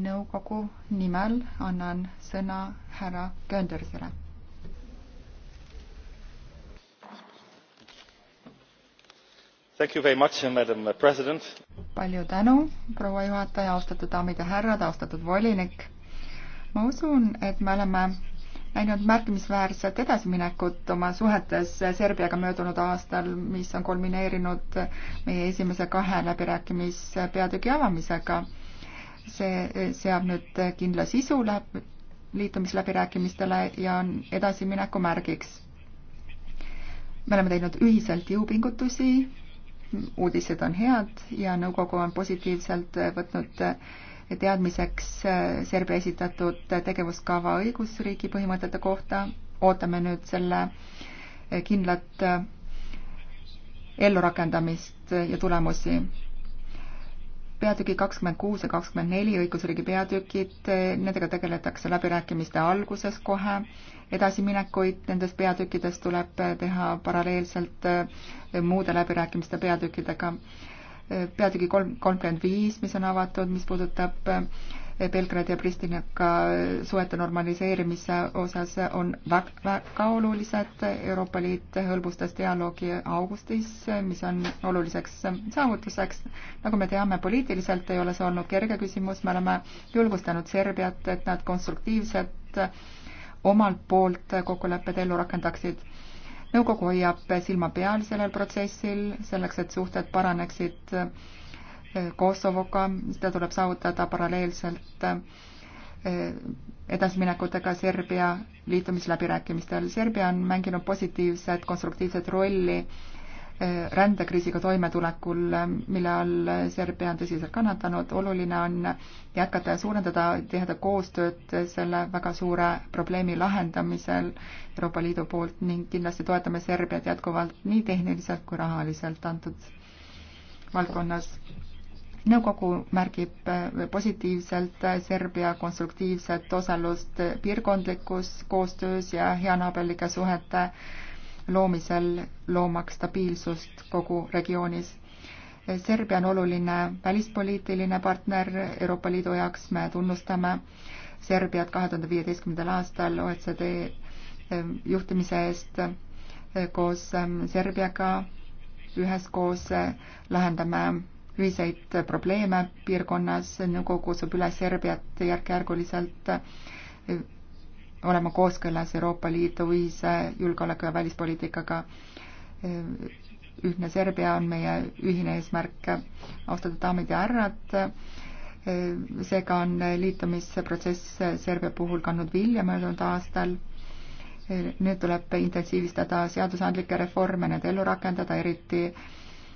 nõukogu nimel annan sõna härra Köndersele. palju tänu, proua juhataja, austatud daamid ja härrad, austatud volinik. ma usun, et me oleme näinud märkimisväärset edasiminekut oma suhetes Serbiaga möödunud aastal, mis on kulmineerinud meie esimese kahe läbirääkimispeatüki avamisega see seab nüüd kindla sisu, läheb liitumisläbirääkimistele ja on edasimineku märgiks. me oleme teinud ühiselt jõupingutusi, uudised on head ja nõukogu on positiivselt võtnud teadmiseks Serbia esitatud tegevuskava õigusriigi põhimõtete kohta. ootame nüüd selle kindlat ellurakendamist ja tulemusi peatüki kakskümmend kuus ja kakskümmend neli õigusriigi peatükid, nendega tegeletakse läbirääkimiste alguses kohe, edasiminekuid nendes peatükkides tuleb teha paralleelselt eh, muude läbirääkimiste peatükkidega. Eh, peatüki kolm, kolmkümmend viis, mis on avatud, mis puudutab äh, Belgradi ja Pristinaga suhete normaliseerimise osas on väga olulised. Euroopa Liit hõlbustas dialoogi augustis, mis on oluliseks saavutuseks. nagu me teame, poliitiliselt ei ole see olnud kerge küsimus, me oleme julgustanud Serbiat, et nad konstruktiivselt omalt poolt kokkulepped ellu rakendaksid nõukogu hoiab silma peal sellel protsessil, selleks et suhted paraneksid Kosovoga, seda tuleb saavutada paralleelselt eh, edasiminekutega Serbia liitumisläbirääkimistel. Serbia on mänginud positiivset, konstruktiivset rolli eh, rändekriisiga toimetulekul, mille all Serbia on tõsiselt kannatanud. oluline on jätkata ja suurendada tihedat koostööd selle väga suure probleemi lahendamisel Euroopa Liidu poolt ning kindlasti toetame Serbiat jätkuvalt nii tehniliselt kui rahaliselt antud valdkonnas nõukogu märgib äh, positiivselt äh, Serbia konstruktiivset osalust piirkondlikus koostöös ja heanaaberlike suhete loomisel, loomaks stabiilsust kogu regioonis. Äh, Serbia on oluline välispoliitiline partner Euroopa Liidu jaoks, me tunnustame Serbiat kahe tuhande viieteistkümnendal aastal OECD ähm, juhtimise eest koos ähm, Serbiaga üheskoos lahendame ühiseid probleeme piirkonnas, nõukogu kutsub üle Serbiat järk-järguliselt eh, olema kooskõlas Euroopa Liidu ühise julgeoleku ja välispoliitikaga. Eh, ühtne Serbia on meie ühine eesmärk. austatud daamid ja härrad, eh, seega on liitumisprotsess Serbia puhul kandnud vilja möödunud aastal. nüüd tuleb intensiivistada seadusandlikke reforme, need ellu rakendada, eriti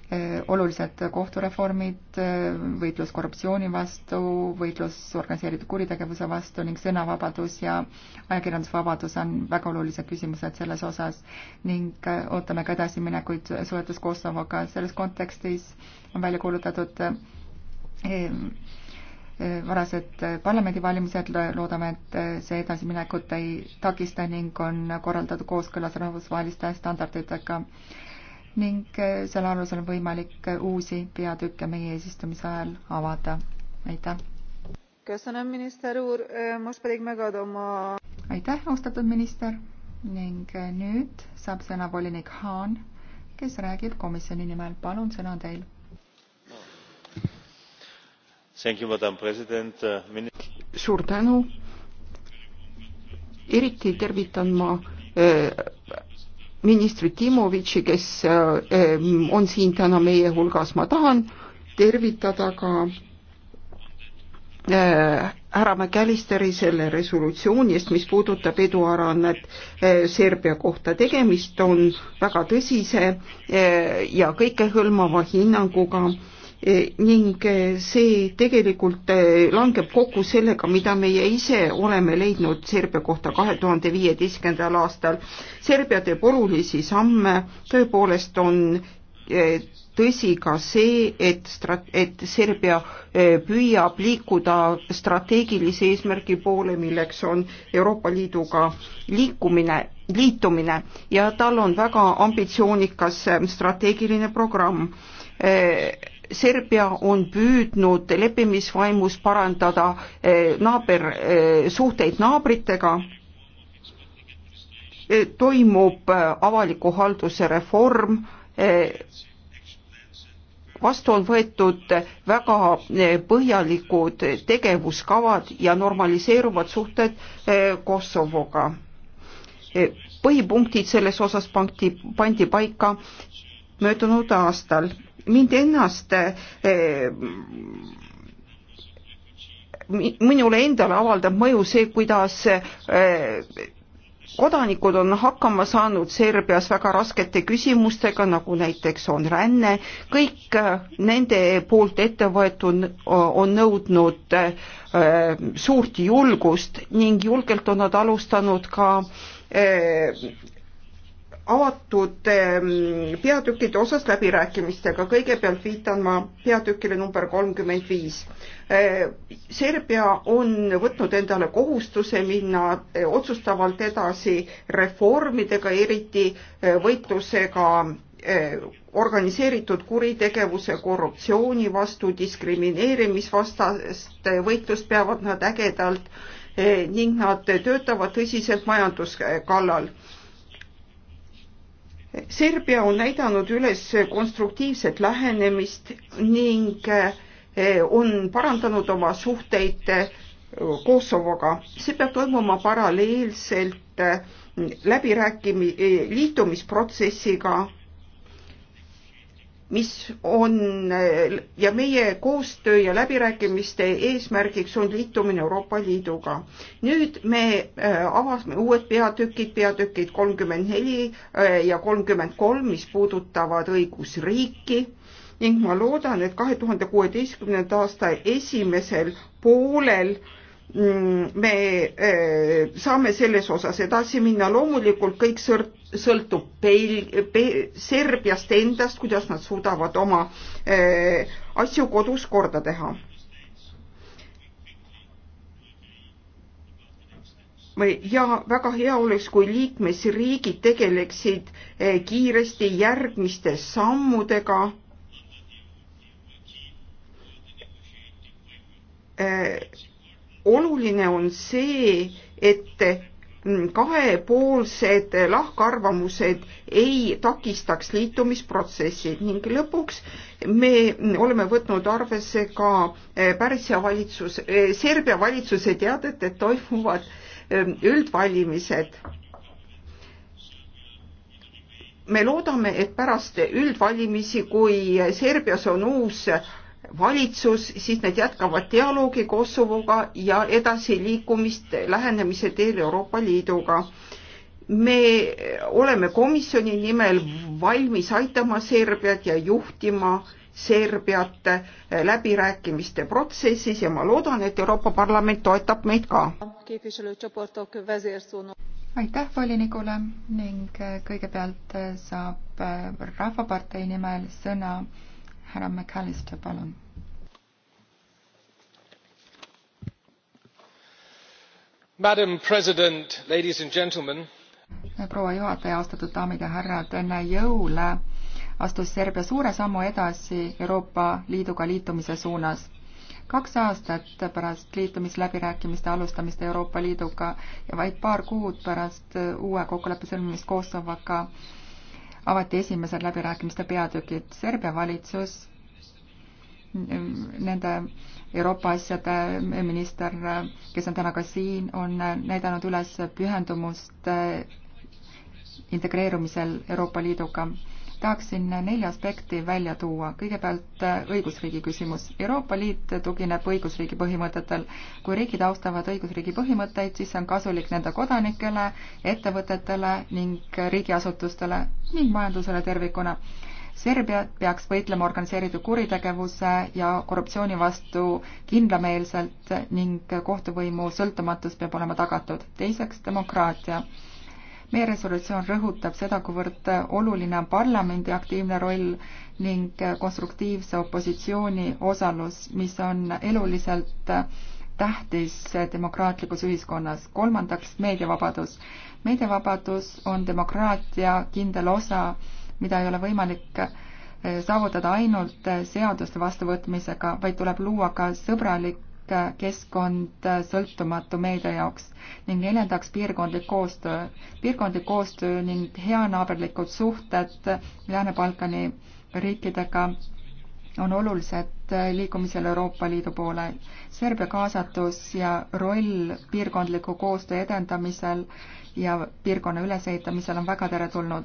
Äh, olulised kohtureformid, äh, võitlus korruptsiooni vastu, võitlus organiseeritud kuritegevuse vastu ning sõnavabadus ja ajakirjandusvabadus on väga olulised küsimused selles osas ning äh, ootame ka edasiminekuid suhetes Kosovoga. selles kontekstis on välja kuulutatud varased parlamendivalimised, loodame, et see edasiminekut ei takista ning on korraldatud kooskõlas rahvusvaheliste standarditega ning eh, selle alusel on võimalik eh, uusi peatükke meie eesistumise ajal avada. aitäh! aitäh, austatud minister ning eh, nüüd saab sõna volinik Haan, kes räägib komisjoni nimel. palun, sõna on teil. suur tänu. eriti tervitan ma äh, ministrit Timovitši, kes eh, on siin täna meie hulgas, ma tahan tervitada ka eh, härra McAllisteri selle resolutsiooni eest, mis puudutab eduarannet eh, Serbia kohta. tegemist on väga tõsise ja kõikehõlmava hinnanguga Eh, ning eh, see tegelikult eh, langeb kokku sellega, mida meie ise oleme leidnud Serbia kohta kahe tuhande viieteistkümnendal aastal. Serbia teeb olulisi samme, tõepoolest on tõsi ka see, et strat-, et Serbia püüab liikuda strateegilise eesmärgi poole, milleks on Euroopa Liiduga liikumine, liitumine ja tal on väga ambitsioonikas strateegiline programm Serbia on püüdnud leppimisvaimus parandada eh, naaber, eh, suhteid naabritega, eh, toimub avaliku halduse reform, vastu on võetud väga põhjalikud tegevuskavad ja normaliseeruvad suhted Kosovoga. põhipunktid selles osas pandi, pandi paika möödunud aastal mind ennast eh, minule endale avaldab mõju see, kuidas eh, kodanikud on hakkama saanud Serbias väga raskete küsimustega, nagu näiteks on ränne, kõik eh, nende poolt ette võetud on nõudnud suurt julgust ning julgelt on nad alustanud ka avatud ehm, peatükkide osas läbirääkimistega, kõigepealt viitan ma peatükile number kolmkümmend viis. Ehm, Serbia on võtnud endale kohustuse minna eh, otsustavalt edasi reformidega, eriti eh, võitlusega eh, organiseeritud kuritegevuse, korruptsiooni vastu, diskrimineerimisvastast võitlust peavad nad ägedalt ning nad töötavad tõsiselt majanduse kallal Serbia on näidanud üles konstruktiivset lähenemist ning eh, on parandanud oma suhteid eh, Kosovoga. see peab toimuma paralleelselt eh, läbirääkimi-, liitumisprotsessiga mis on ja meie koostöö ja läbirääkimiste eesmärgiks on liitumine Euroopa Liiduga. nüüd me äh, avasime uued peatükid, peatükid kolmkümmend neli äh, ja kolmkümmend kolm, mis puudutavad õigusriiki ning ma loodan, et kahe tuhande kuueteistkümnenda aasta esimesel poolel äh, Mm, me eh, saame selles osas edasi minna, loomulikult kõik sõltub peil- pe,, Serbiast endast, kuidas nad suudavad oma eh, asju kodus korda teha ja väga hea oleks, kui liikmesriigid tegeleksid eh, kiiresti järgmiste sammudega oluline on see, et kahepoolsed lahkarvamused ei takistaks liitumisprotsessi ning lõpuks me oleme võtnud arvesse ka eh, Pärsia valitsus, eh, Serbia valitsuse teadet, et toimuvad eh, üldvalimised. me loodame, et pärast üldvalimisi, kui Serbias on uus valitsus, siis nad jätkavad dialoogi Kosovoga ja edasiliikumist lähenemise teel Euroopa Liiduga. me oleme komisjoni nimel valmis aitama Serbiat ja juhtima Serbiat läbirääkimiste protsessis ja ma loodan, et Euroopa Parlament toetab meid ka. aitäh volinikule ning kõigepealt saab Rahvapartei nimel sõna härra McAllister, palun. Madam President, ladies and gentlemen. proua juhataja, austatud daamid ja härrad, enne jõule astus Serbia suure sammu edasi Euroopa Liiduga liitumise suunas kaks aastat pärast liitumisläbirääkimiste alustamist Euroopa Liiduga ja vaid paar kuud pärast uue kokkuleppe sõlmimist Kosovoga avati esimesed läbirääkimiste peatükid. Serbia valitsus, nende Euroopa asjade minister, kes on täna ka siin, on näidanud üles pühendumust integreerumisel Euroopa Liiduga tahaksin nelja aspekti välja tuua. kõigepealt äh, õigusriigi küsimus. Euroopa Liit tugineb õigusriigi põhimõtetel. kui riigid austavad õigusriigi põhimõtteid, siis see on kasulik nende kodanikele, ettevõtetele ning riigiasutustele ning majandusele tervikuna. Serbia peaks võitlema organiseeritud kuritegevuse ja korruptsiooni vastu kindlameelselt ning kohtuvõimu sõltumatus peab olema tagatud. teiseks, demokraatia meie resolutsioon rõhutab seda, kuivõrd oluline on parlamendi aktiivne roll ning konstruktiivse opositsiooni osalus, mis on eluliselt tähtis demokraatlikus ühiskonnas. kolmandaks, meediavabadus. meediavabadus on demokraatia kindel osa, mida ei ole võimalik eh, saavutada ainult eh, seaduste vastuvõtmisega, vaid tuleb luua ka sõbralik keskkond sõltumatu meedia jaoks ning neljandaks piirkondlik koostöö. piirkondlik koostöö ning heanaaberlikud suhted Lääne-Balkani riikidega on olulised liikumisel Euroopa Liidu poole. Serbia kaasatus ja roll piirkondliku koostöö edendamisel ja piirkonna ülesehitamisel on väga teretulnud.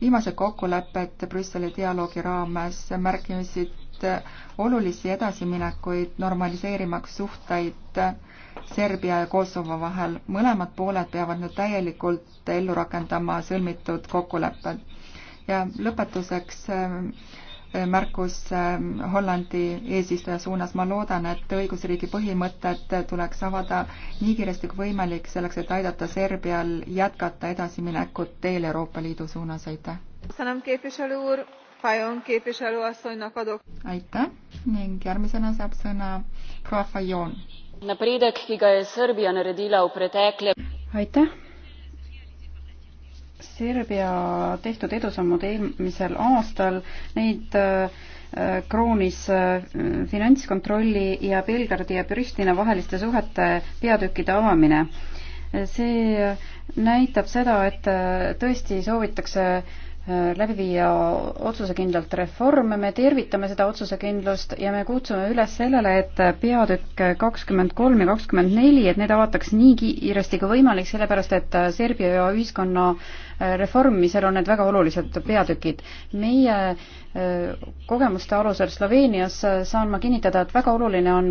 viimased kokkulepped Brüsseli dialoogi raames märkisid teinud olulisi edasiminekuid normaliseerimaks suhteid Serbia ja Kosovo vahel. mõlemad pooled peavad nüüd täielikult ellu rakendama sõlmitud kokkulepped. ja lõpetuseks eh, märkus eh, Hollandi eesistuja suunas. ma loodan, et õigusriigi põhimõtted tuleks avada nii kiiresti kui võimalik, selleks et aidata Serbial jätkata edasiminekut teel Euroopa Liidu suunas. aitäh! aitäh ning järgmisena saab sõna proua Fajon. aitäh. Serbia tehtud edusammud eelmisel aastal, neid äh, kroonis äh, finantskontrolli ja Belgradi ja Pristina vaheliste suhete peatükkide avamine. see näitab seda, et äh, tõesti soovitakse Äh, läbi viia otsusekindlalt reforme, me tervitame seda otsusekindlust ja me kutsume üles sellele, et peatükk kakskümmend kolm ja kakskümmend neli, et need avataks nii kiiresti kui võimalik, sellepärast et äh, Serbia ühiskonna äh, reformimisel on need väga olulised peatükid. meie kogemuste alusel Sloveenias saan ma kinnitada, et väga oluline on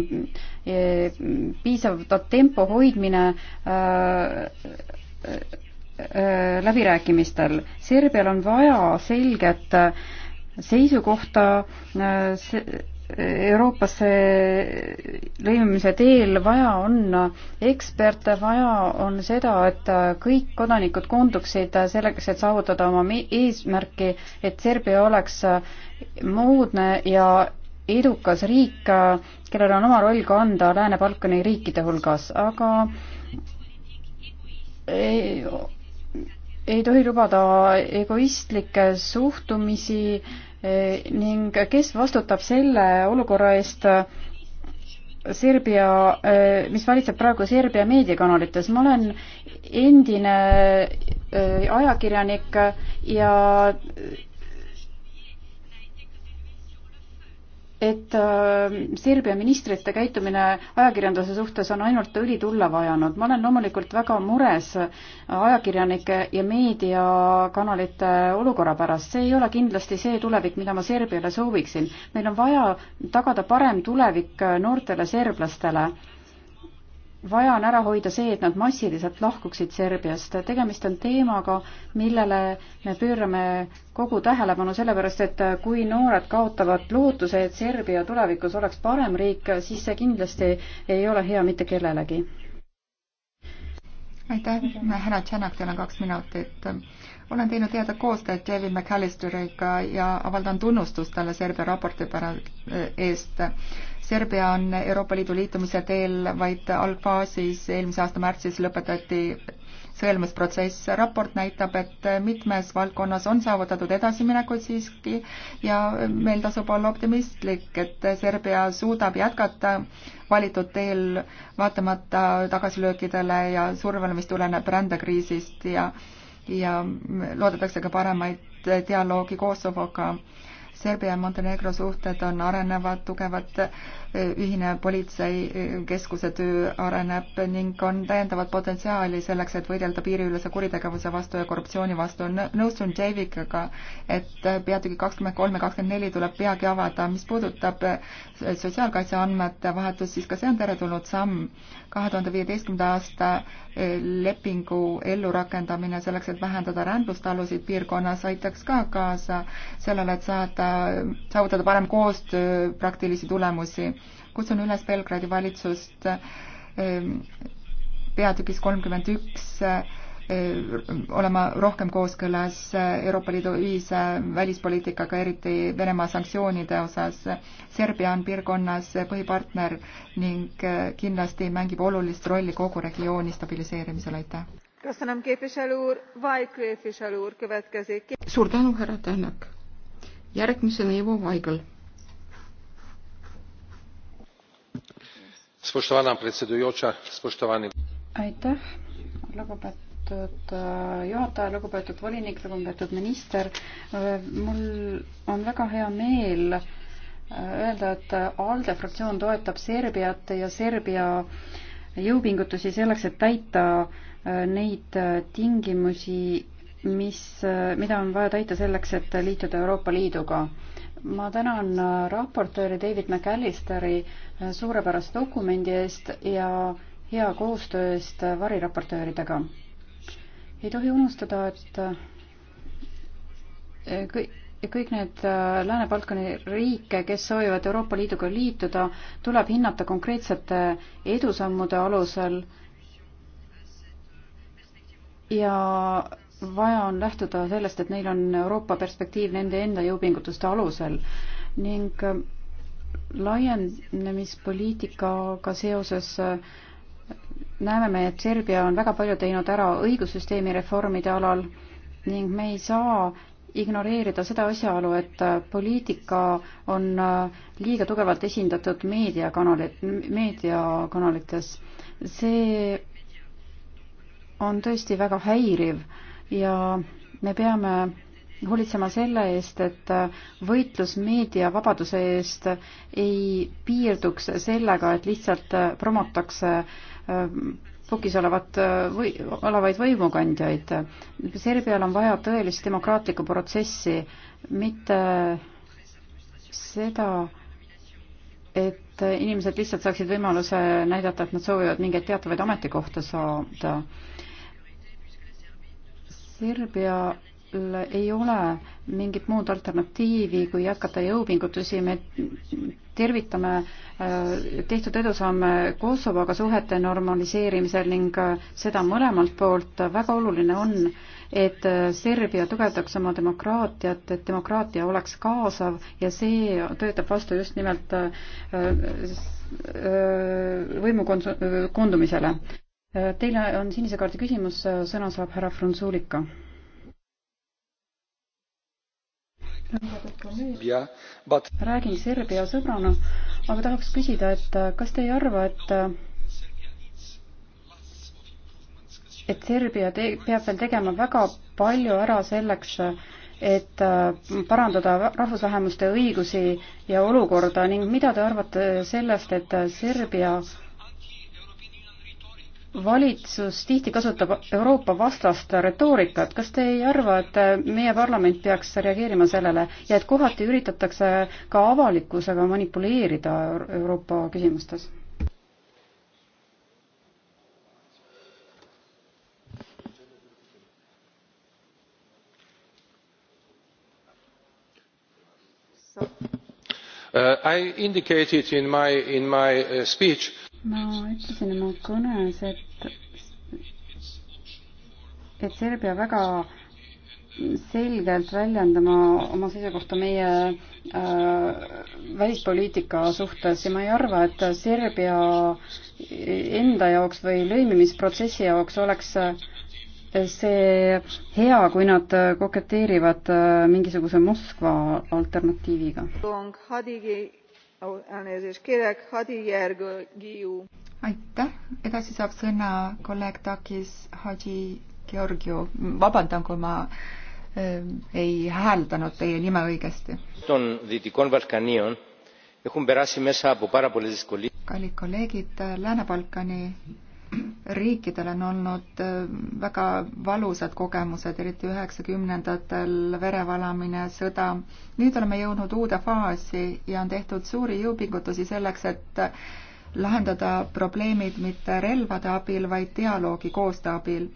piisav tempo hoidmine Äh, läbirääkimistel. Serbial on vaja selget äh, seisukohta äh, Euroopasse lõimimise teel vaja on eksperte, vaja on seda, et kõik kodanikud koonduksid selleks, et saavutada oma eesmärki, et Serbia oleks moodne ja edukas riik, kellel on oma roll kanda Lääne-Balkani riikide hulgas, aga ei ei tohi lubada egoistlikke suhtumisi eh, ning kes vastutab selle olukorra eest, eh, Serbia, eh, mis valitseb praegu Serbia meediakanalites. ma olen endine ajakirjanik ja et äh, Serbia ministrite käitumine ajakirjanduse suhtes on ainult õli tulla vajanud. ma olen loomulikult väga mures ajakirjanike ja meediakanalite olukorra pärast. see ei ole kindlasti see tulevik, mida ma Serbiale sooviksin. meil on vaja tagada parem tulevik noortele serblastele vaja on ära hoida see, et nad massiliselt lahkuksid Serbiast. tegemist on teemaga, millele me pöörame kogu tähelepanu, sellepärast et kui noored kaotavad lootuse, et Serbia tulevikus oleks parem riik, siis see kindlasti ei ole hea mitte kellelegi. aitäh, härra Tšanak, teil on kaks minutit. olen teinud head koostööd David McAllisteriga ja avaldan tunnustust talle Serbia raporti pärast, eh, eest Serbia on Euroopa Liidu liitumise teel vaid algfaasis, eelmise aasta märtsis lõpetati sõelmisprotsess. raport näitab, et mitmes valdkonnas on saavutatud edasiminekuid siiski ja meil tasub olla optimistlik, et Serbia suudab jätkata valitud teel vaatamata tagasilöökidele ja survele, mis tuleneb rändekriisist ja ja loodetakse ka paremaid dialoogi Kosovoga Serbia ja Montenegro suhted on arenevad, tugevad, ühine politseikeskuse töö areneb ning on täiendavat potentsiaali selleks, et võidelda piiriülese kuritegevuse vastu ja korruptsiooni vastu. nõustun Javikaga, et peatüki kakskümmend kolm ja kakskümmend neli tuleb peagi avada. mis puudutab sotsiaalkaitseandmete vahetust, siis ka see on teretulnud samm kahe tuhande viieteistkümnenda aasta eh, lepingu ellurakendamine selleks, et vähendada rändlustalusid piirkonnas, aitaks ka kaasa sellele, et saada, saavutada parem koostöö praktilisi tulemusi. kutsun üles Belgradi valitsust eh, peatükis kolmkümmend üks eh, Äh, olema rohkem kooskõlas Euroopa Liidu ühise välispoliitikaga, eriti Venemaa sanktsioonide osas. Serbia on piirkonnas põhipartner ning äh, kindlasti mängib olulist rolli kogu regiooni stabiliseerimisel, aitäh. suur tänu, härra Tänak. järgmisena Ivo Vaigel. aitäh, lugupeetud lugupeetud äh, juhataja, lugupeetud volinik, lugupeetud minister. mul on väga hea meel äh, öelda, et ALDE fraktsioon toetab Serbiat ja Serbia jõupingutusi selleks, et täita äh, neid tingimusi, mis, mida on vaja täita selleks, et liituda Euroopa Liiduga ma tänan raportööri David McAllisteri suurepärase dokumendi eest ja hea koostöö eest variraportööridega ei tohi unustada, et kõik kõik need äh, Lääne-Balkani riike, kes soovivad Euroopa Liiduga liituda, tuleb hinnata konkreetsete edusammude alusel ja vaja on lähtuda sellest, et neil on Euroopa perspektiiv nende enda jõupingutuste alusel ning äh, laienemispoliitikaga seoses äh, näeme me, et Serbia on väga palju teinud ära õigussüsteemi reformide alal ning me ei saa ignoreerida seda asjaolu, et poliitika on äh, liiga tugevalt esindatud meediakanalid, meediakanalites. see on tõesti väga häiriv ja me peame hoolitsema selle eest, et äh, võitlus meediavabaduse eest ei piirduks sellega, et lihtsalt äh, promotakse äh, Äh, pukis olevat äh, või, olevaid võimukandjaid. Serbial on vaja tõelist demokraatlikku protsessi, mitte seda, et inimesed lihtsalt saaksid võimaluse näidata, et nad soovivad mingeid teatavaid ametikohta saada. Serbia ei ole mingit muud alternatiivi, kui jätkata jõupingutusi, me tervitame äh, tehtud edusamme Kosovoga suhete normaliseerimisel ning äh, seda mõlemalt poolt väga oluline on, et äh, Serbia tugevdaks oma demokraatiat, et demokraatia oleks kaasav ja see töötab vastu just nimelt võimu kondumisele. Teile on sinise kaardi küsimus, sõna saab härra Frunzulika räägin Serbia sõbrana, aga tahaks küsida, et äh, kas te ei arva, et äh, et Serbia te-, peab veel tegema väga palju ära selleks, et äh, parandada rahvusvähemuste õigusi ja olukorda ning mida te arvate sellest, et Serbia valitsus tihti kasutab Euroopa vastast retoorikat, kas te ei arva, et äh, meie parlament peaks reageerima sellele ja et kohati üritatakse ka avalikkusega manipuleerida Euroopa küsimustes? Uh, i indicated in my, in my uh, speech ma ütlesin oma kõnes, et, et Serbia väga selgelt väljendama oma seisukohta meie äh, välispoliitika suhtes ja ma ei arva, et Serbia enda jaoks või lõimimisprotsessi jaoks oleks see hea, kui nad koketeerivad mingisuguse Moskva alternatiiviga elnézést kérek, Hadi Gergiu. aitäh, edasi saab sõna kolleeg Takis Hadi Georgiu. vabandan, kui ma äh, ei hääldanud teie nime õigesti. kallid kolleegid, Lääne-Balkani riikidel on olnud äh, väga valusad kogemused, eriti üheksakümnendatel verevalamine, sõda. nüüd oleme jõudnud uude faasi ja on tehtud suuri jõupingutusi selleks, et äh, lahendada probleemid mitte relvade abil, vaid dialoogi koostöö abil.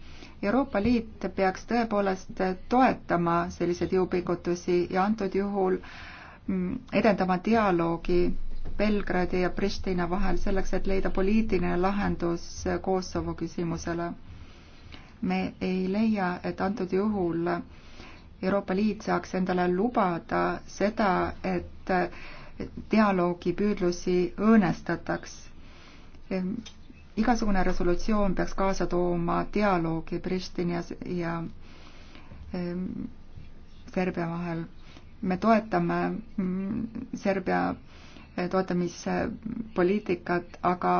Euroopa Liit peaks tõepoolest toetama selliseid jõupingutusi ja antud juhul mm, edendama dialoogi Belgradi ja Pristina vahel selleks, et leida poliitiline lahendus Kosovo küsimusele. me ei leia, et antud juhul Euroopa Liit saaks endale lubada seda, et dialoogipüüdlusi õõnestataks. igasugune resolutsioon peaks kaasa tooma dialoogi Pristini ja, ja ehm, Serbia vahel. me toetame mm, Serbia toetamispoliitikat, aga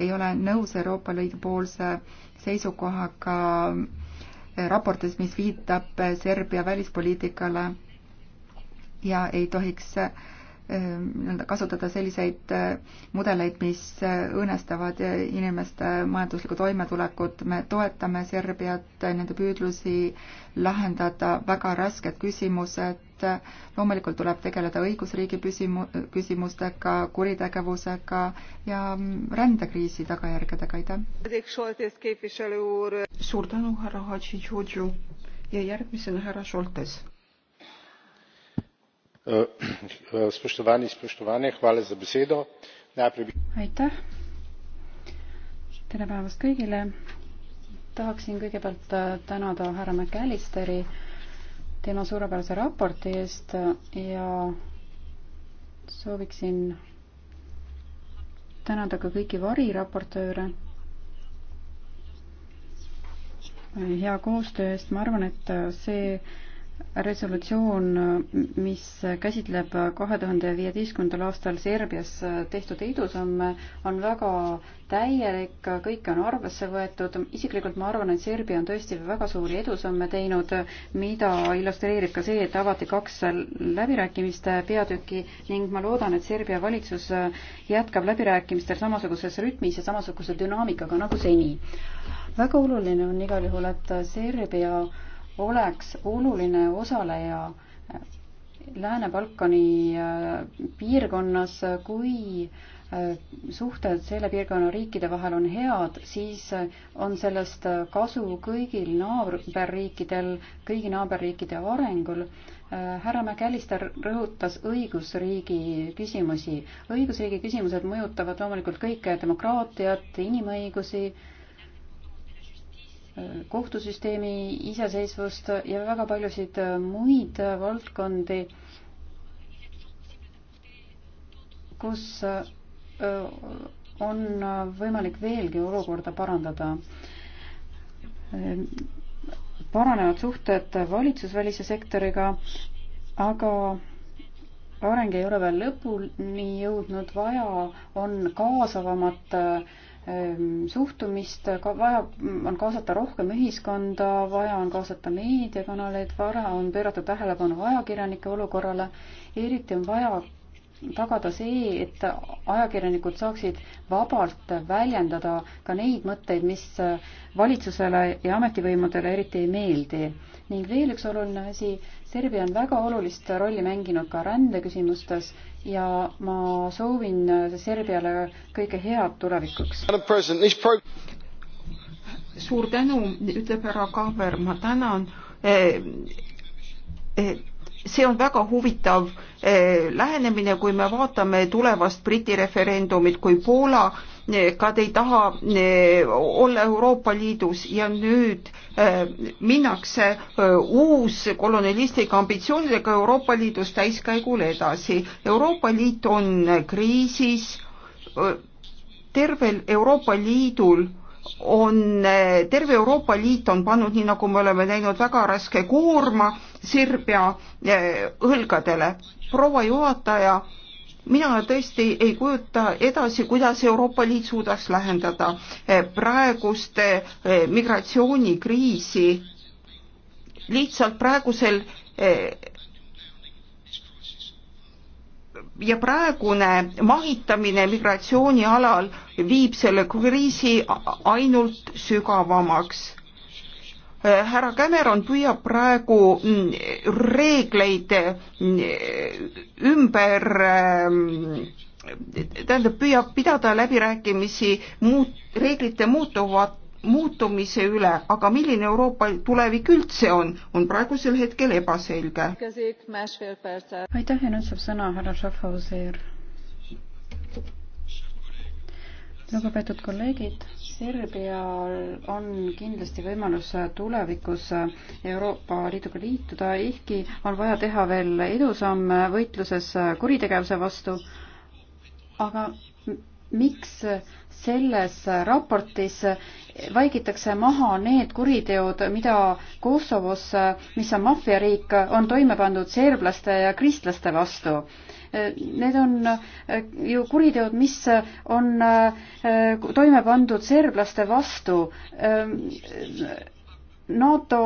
ei ole nõus Euroopa Liidu poolse seisukohaga raportis, mis viitab Serbia välispoliitikale ja ei tohiks äh, nii-öelda kasutada selliseid äh, mudeleid, mis äh, õõnestavad äh, inimeste majanduslikku toimetulekut. me toetame Serbiat, nende püüdlusi lahendada väga rasked küsimused. loomulikult tuleb tegeleda õigusriigi püsimu-, küsimustega, kuritegevusega ja mm, rändekriisi tagajärgedega, aitäh. suur tänu, härra Hadži Jodžu ja järgmisena härra Šoltes Eh, spoštovani spoštovane hvala za besedo. najprej bi. aitäh tere päevast kõigile tahaksin kõigepealt eh, tänada härra mcallisteri tema suurepärase raporti eest ja sooviksin tänada ka kõiki variraportööre hea koostöö eest ma arvan et see resolutsioon, mis käsitleb kahe tuhande viieteistkümnendal aastal Serbias tehtud edusamme, on väga täielik, kõike on arvesse võetud. isiklikult ma arvan, et Serbia on tõesti väga suuri edusamme teinud, mida illustreerib ka see, et avati kaks läbirääkimiste peatükki ning ma loodan, et Serbia valitsus jätkab läbirääkimistel samasuguses rütmis ja samasuguse dünaamikaga nagu seni. väga oluline on igal juhul, et Serbia oleks oluline osaleja Lääne-Balkani äh, piirkonnas, kui äh, suhted selle piirkonna riikide vahel on head, siis äh, on sellest kasu kõigil naaberriikidel, kõigi naaberriikide arengul. härra McAllister rõhutas õigusriigi küsimusi. õigusriigi küsimused mõjutavad loomulikult kõike demokraatiat, inimõigusi kohtusüsteemi iseseisvust ja väga paljusid äh, muid äh, valdkondi, kus äh, on võimalik veelgi olukorda parandada. paranevad suhted valitsusvälise sektoriga, aga areng ei ole veel lõpuni jõudnud, vaja on kaasavamat äh, Ehm, suhtumist, vaja on kaasata rohkem ühiskonda, vaja on kaasata meediakanaleid, vara on pöörata tähelepanu ajakirjanike olukorrale, eriti on vaja tagada see, et ajakirjanikud saaksid vabalt väljendada ka neid mõtteid, mis valitsusele ja ametivõimudele eriti ei meeldi. ning veel üks oluline asi, Serbia on väga olulist rolli mänginud ka rändeküsimustes ja ma soovin Serbiale kõike head tulevikuks. suur tänu, ütleb härra Kaaber, ma tänan eh,. Eh, see on väga huvitav eh, lähenemine, kui me vaatame tulevast Briti referendumit, kui Poola eh, ka ei taha eh, olla Euroopa Liidus ja nüüd minnakse uus kolonialistliku ambitsioonidega Euroopa Liidus täiskäigul edasi. Euroopa Liit on kriisis, tervel Euroopa Liidul on eh, terve Euroopa Liit on pannud, nii nagu me oleme näinud, väga raske koorma Serbia eh, õlgadele. proua juhataja, mina tõesti ei kujuta edasi, kuidas Euroopa Liit suudaks lahendada eh, praegust migratsioonikriisi. lihtsalt praegusel ja praegune mahitamine migratsiooni alal viib selle kriisi ainult sügavamaks härra Cameron püüab praegu reegleid ümber tähendab, püüab pidada läbirääkimisi muut-, reeglite muutuvat muutumise üle, aga milline Euroopa tulevik üldse on, on praegusel hetkel ebaselge. aitäh ja nüüd saab sõna härra Schaffhauser. lugupeetud kolleegid, Serbial on kindlasti võimalus tulevikus Euroopa Liiduga liituda, ehkki on vaja teha veel edusamme võitluses kuritegevuse vastu. aga miks selles raportis vaigitakse maha need kuriteod, mida Kosovos, mis on maffiariik, on toime pandud serblaste ja kristlaste vastu. Need on ju kuriteod, mis on toime pandud serblaste vastu NATO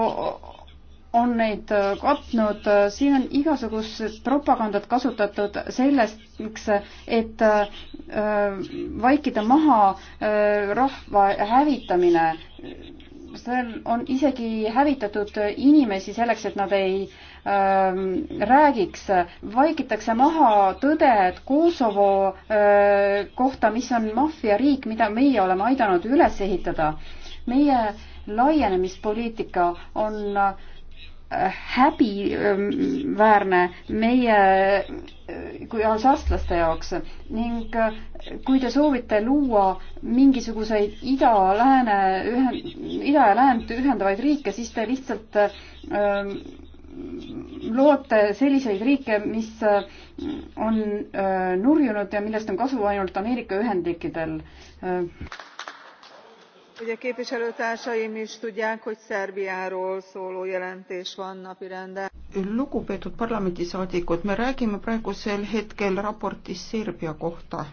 on neid äh, katnud, siin on igasugust propagandat kasutatud selleks, et äh, vaikida maha äh, rahva hävitamine. seal on isegi hävitatud inimesi selleks, et nad ei ähm, räägiks, vaikitakse maha tõde Kosovo kohta, mis on maffiariik, mida meie oleme aidanud üles ehitada. meie laienemispoliitika on äh, häbiväärne ähm, meie äh, kui alsaastlaste jaoks ning äh, kui te soovite luua mingisuguseid ida-lääne ühend, ida ja läänt ühendavaid riike, siis te lihtsalt ähm, loote selliseid riike, mis äh, on äh, nurjunud ja millest on kasu ainult Ameerika Ühendriikidel äh ugye képviselőtársaim is tudják hogy szerbiáról szóló jelentés van napirenden. lugupeetud parlamendisaadikud me räägime praegusel hetkel raportist serbia kohta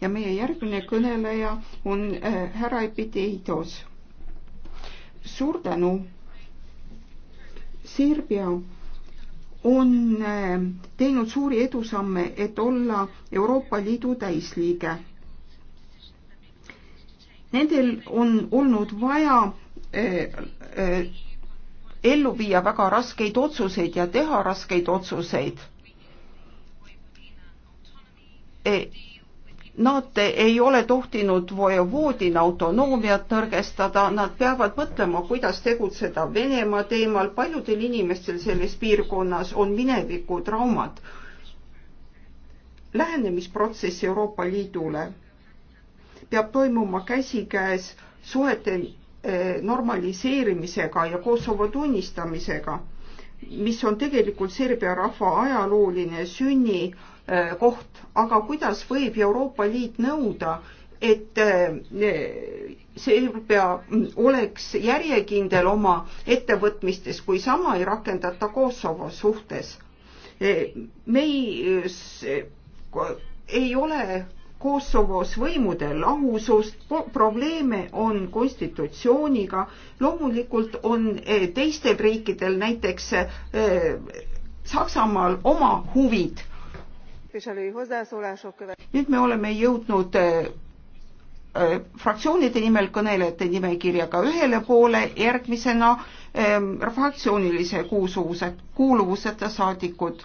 ja meie järgmine kõneleja on eh, härra Epiteidos. suur tänu. Serbia on eh, teinud suuri edusamme, et olla Euroopa Liidu täisliige Nendel on olnud vaja eh, eh, ellu viia väga raskeid otsuseid ja teha raskeid otsuseid. Eh, nad ei ole tohtinud voodina autonoomiat nõrgestada, nad peavad mõtlema, kuidas tegutseda Venemaa teemal, paljudel inimestel selles piirkonnas on mineviku traumad. lähenemisprotsess Euroopa Liidule peab toimuma käsikäes suhete eh, normaliseerimisega ja Kosovo tunnistamisega, mis on tegelikult Serbia rahva ajalooline sünnikoht, eh, aga kuidas võib Euroopa Liit nõuda, et eh, Serbia oleks järjekindel oma ettevõtmistes, kui sama ei rakendata Kosovo suhtes. me ei, ei ole Kosovos võimude lahusust, probleeme on konstitutsiooniga, loomulikult on eh, teistel riikidel, näiteks eh, Saksamaal oma huvid. nüüd me oleme jõudnud eh, fraktsioonide nimel kõnelejate nimekirjaga ühele poole, järgmisena fraktsioonilise kuusuvuse, kuuluvuseta saadikud.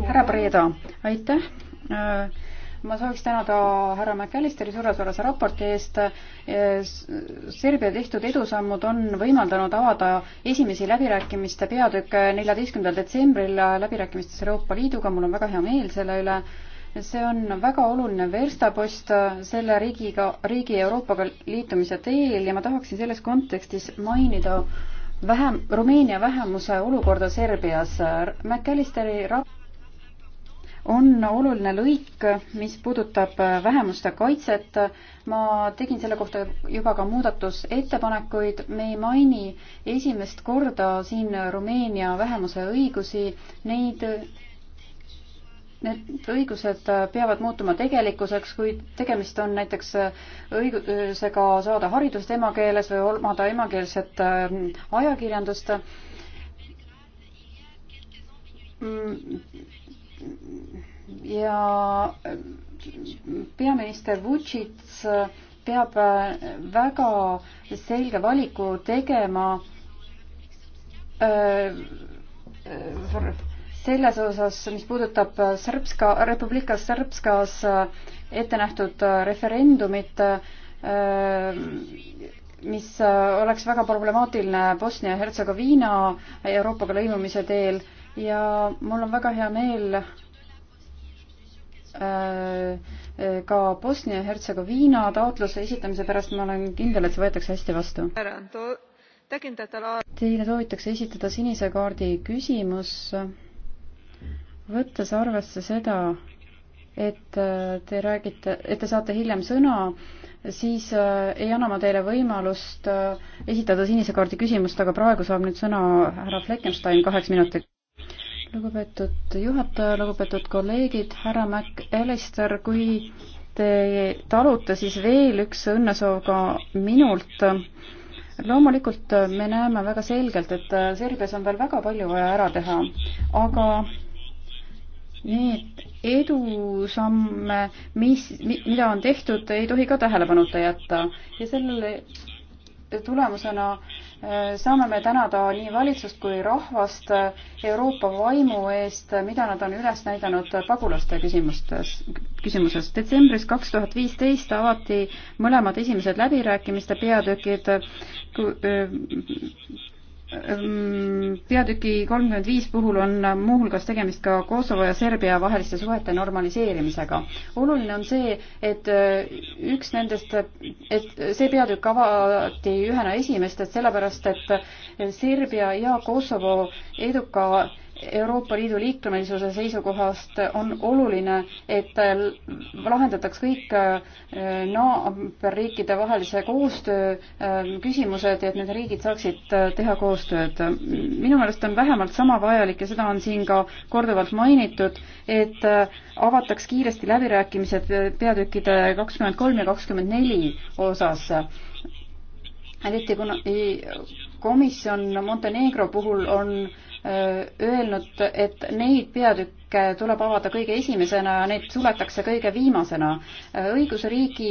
härra Preeda, aitäh äh, ma sooviks tänada härra McAllisteri suurepärase raporti eest. Serbia tehtud edusammud on võimaldanud avada esimesi läbirääkimiste peatükke neljateistkümnendal detsembril läbirääkimistes Euroopa Liiduga, mul on väga hea meel selle üle. see on väga oluline verstapost selle riigiga, riigi Euroopaga liitumise teel ja ma tahaksin selles kontekstis mainida vähem, Rumeenia vähemuse olukorda Serbias. McAllisteri rap- on oluline lõik, mis puudutab vähemuste kaitset. ma tegin selle kohta juba ka muudatusettepanekuid, me ei maini esimest korda siin Rumeenia vähemuse õigusi, neid Need õigused peavad muutuma tegelikkuseks, kui tegemist on näiteks õigusega saada haridust emakeeles või omada emakeelset äh, ajakirjandust mm, ja peaminister Vutšits peab väga selge valiku tegema äh, äh, selles osas, mis puudutab Srpska, Republika Srpskas ette nähtud referendumit, äh, mis oleks väga problemaatiline Bosnia-Hertsegoviina Euroopaga lõimumise teel ja mul on väga hea meel äh, äh, ka Bosnia-Hertsegoviina taotluse esitamise pärast ma olen kindel, et see võetakse hästi vastu. Teile soovitakse esitada sinise kaardi küsimus, võttes arvesse seda, et äh, te räägite, et te saate hiljem sõna, siis ei anna ma teile võimalust esitada sinise kaardi küsimust, aga praegu saab nüüd sõna härra Fleckenstein kaheks minutiks lugupeetud juhataja, lugupeetud kolleegid, härra MacAllister, kui te talute, siis veel üks õnnesoov ka minult. loomulikult me näeme väga selgelt, et Serbias on veel väga palju vaja ära teha, aga need edusamme, mis, mida on tehtud, ei tohi ka tähelepanuta jätta ja selle tulemusena äh, saame me tänada nii valitsust kui rahvast Euroopa vaimu eest, mida nad on üles näidanud pagulaste küsimustes, küsimuses. detsembris kaks tuhat viisteist avati mõlemad esimesed läbirääkimiste peatükid Ehm, peatüki kolmkümmend viis puhul on äh, muuhulgas tegemist ka Kosovo ja Serbia vaheliste suhete normaliseerimisega. oluline on see, et äh, üks nendest, et see peatükk avati ühena esimestest, sellepärast et Serbia ja Kosovo eduka Euroopa Liidu liikmelisuse seisukohast on oluline, et lahendataks kõik äh, naaberriikide vahelise koostöö äh, küsimused ja et need riigid saaksid äh, teha koostööd. minu meelest on vähemalt sama vajalik ja seda on siin ka korduvalt mainitud, et avataks kiiresti läbirääkimised peatükkide kakskümmend kolm ja kakskümmend neli osas eriti kuna komisjon Montenegro puhul on öelnud, et neid peatükke tuleb avada kõige esimesena ja neid suletakse kõige viimasena. õigusriigi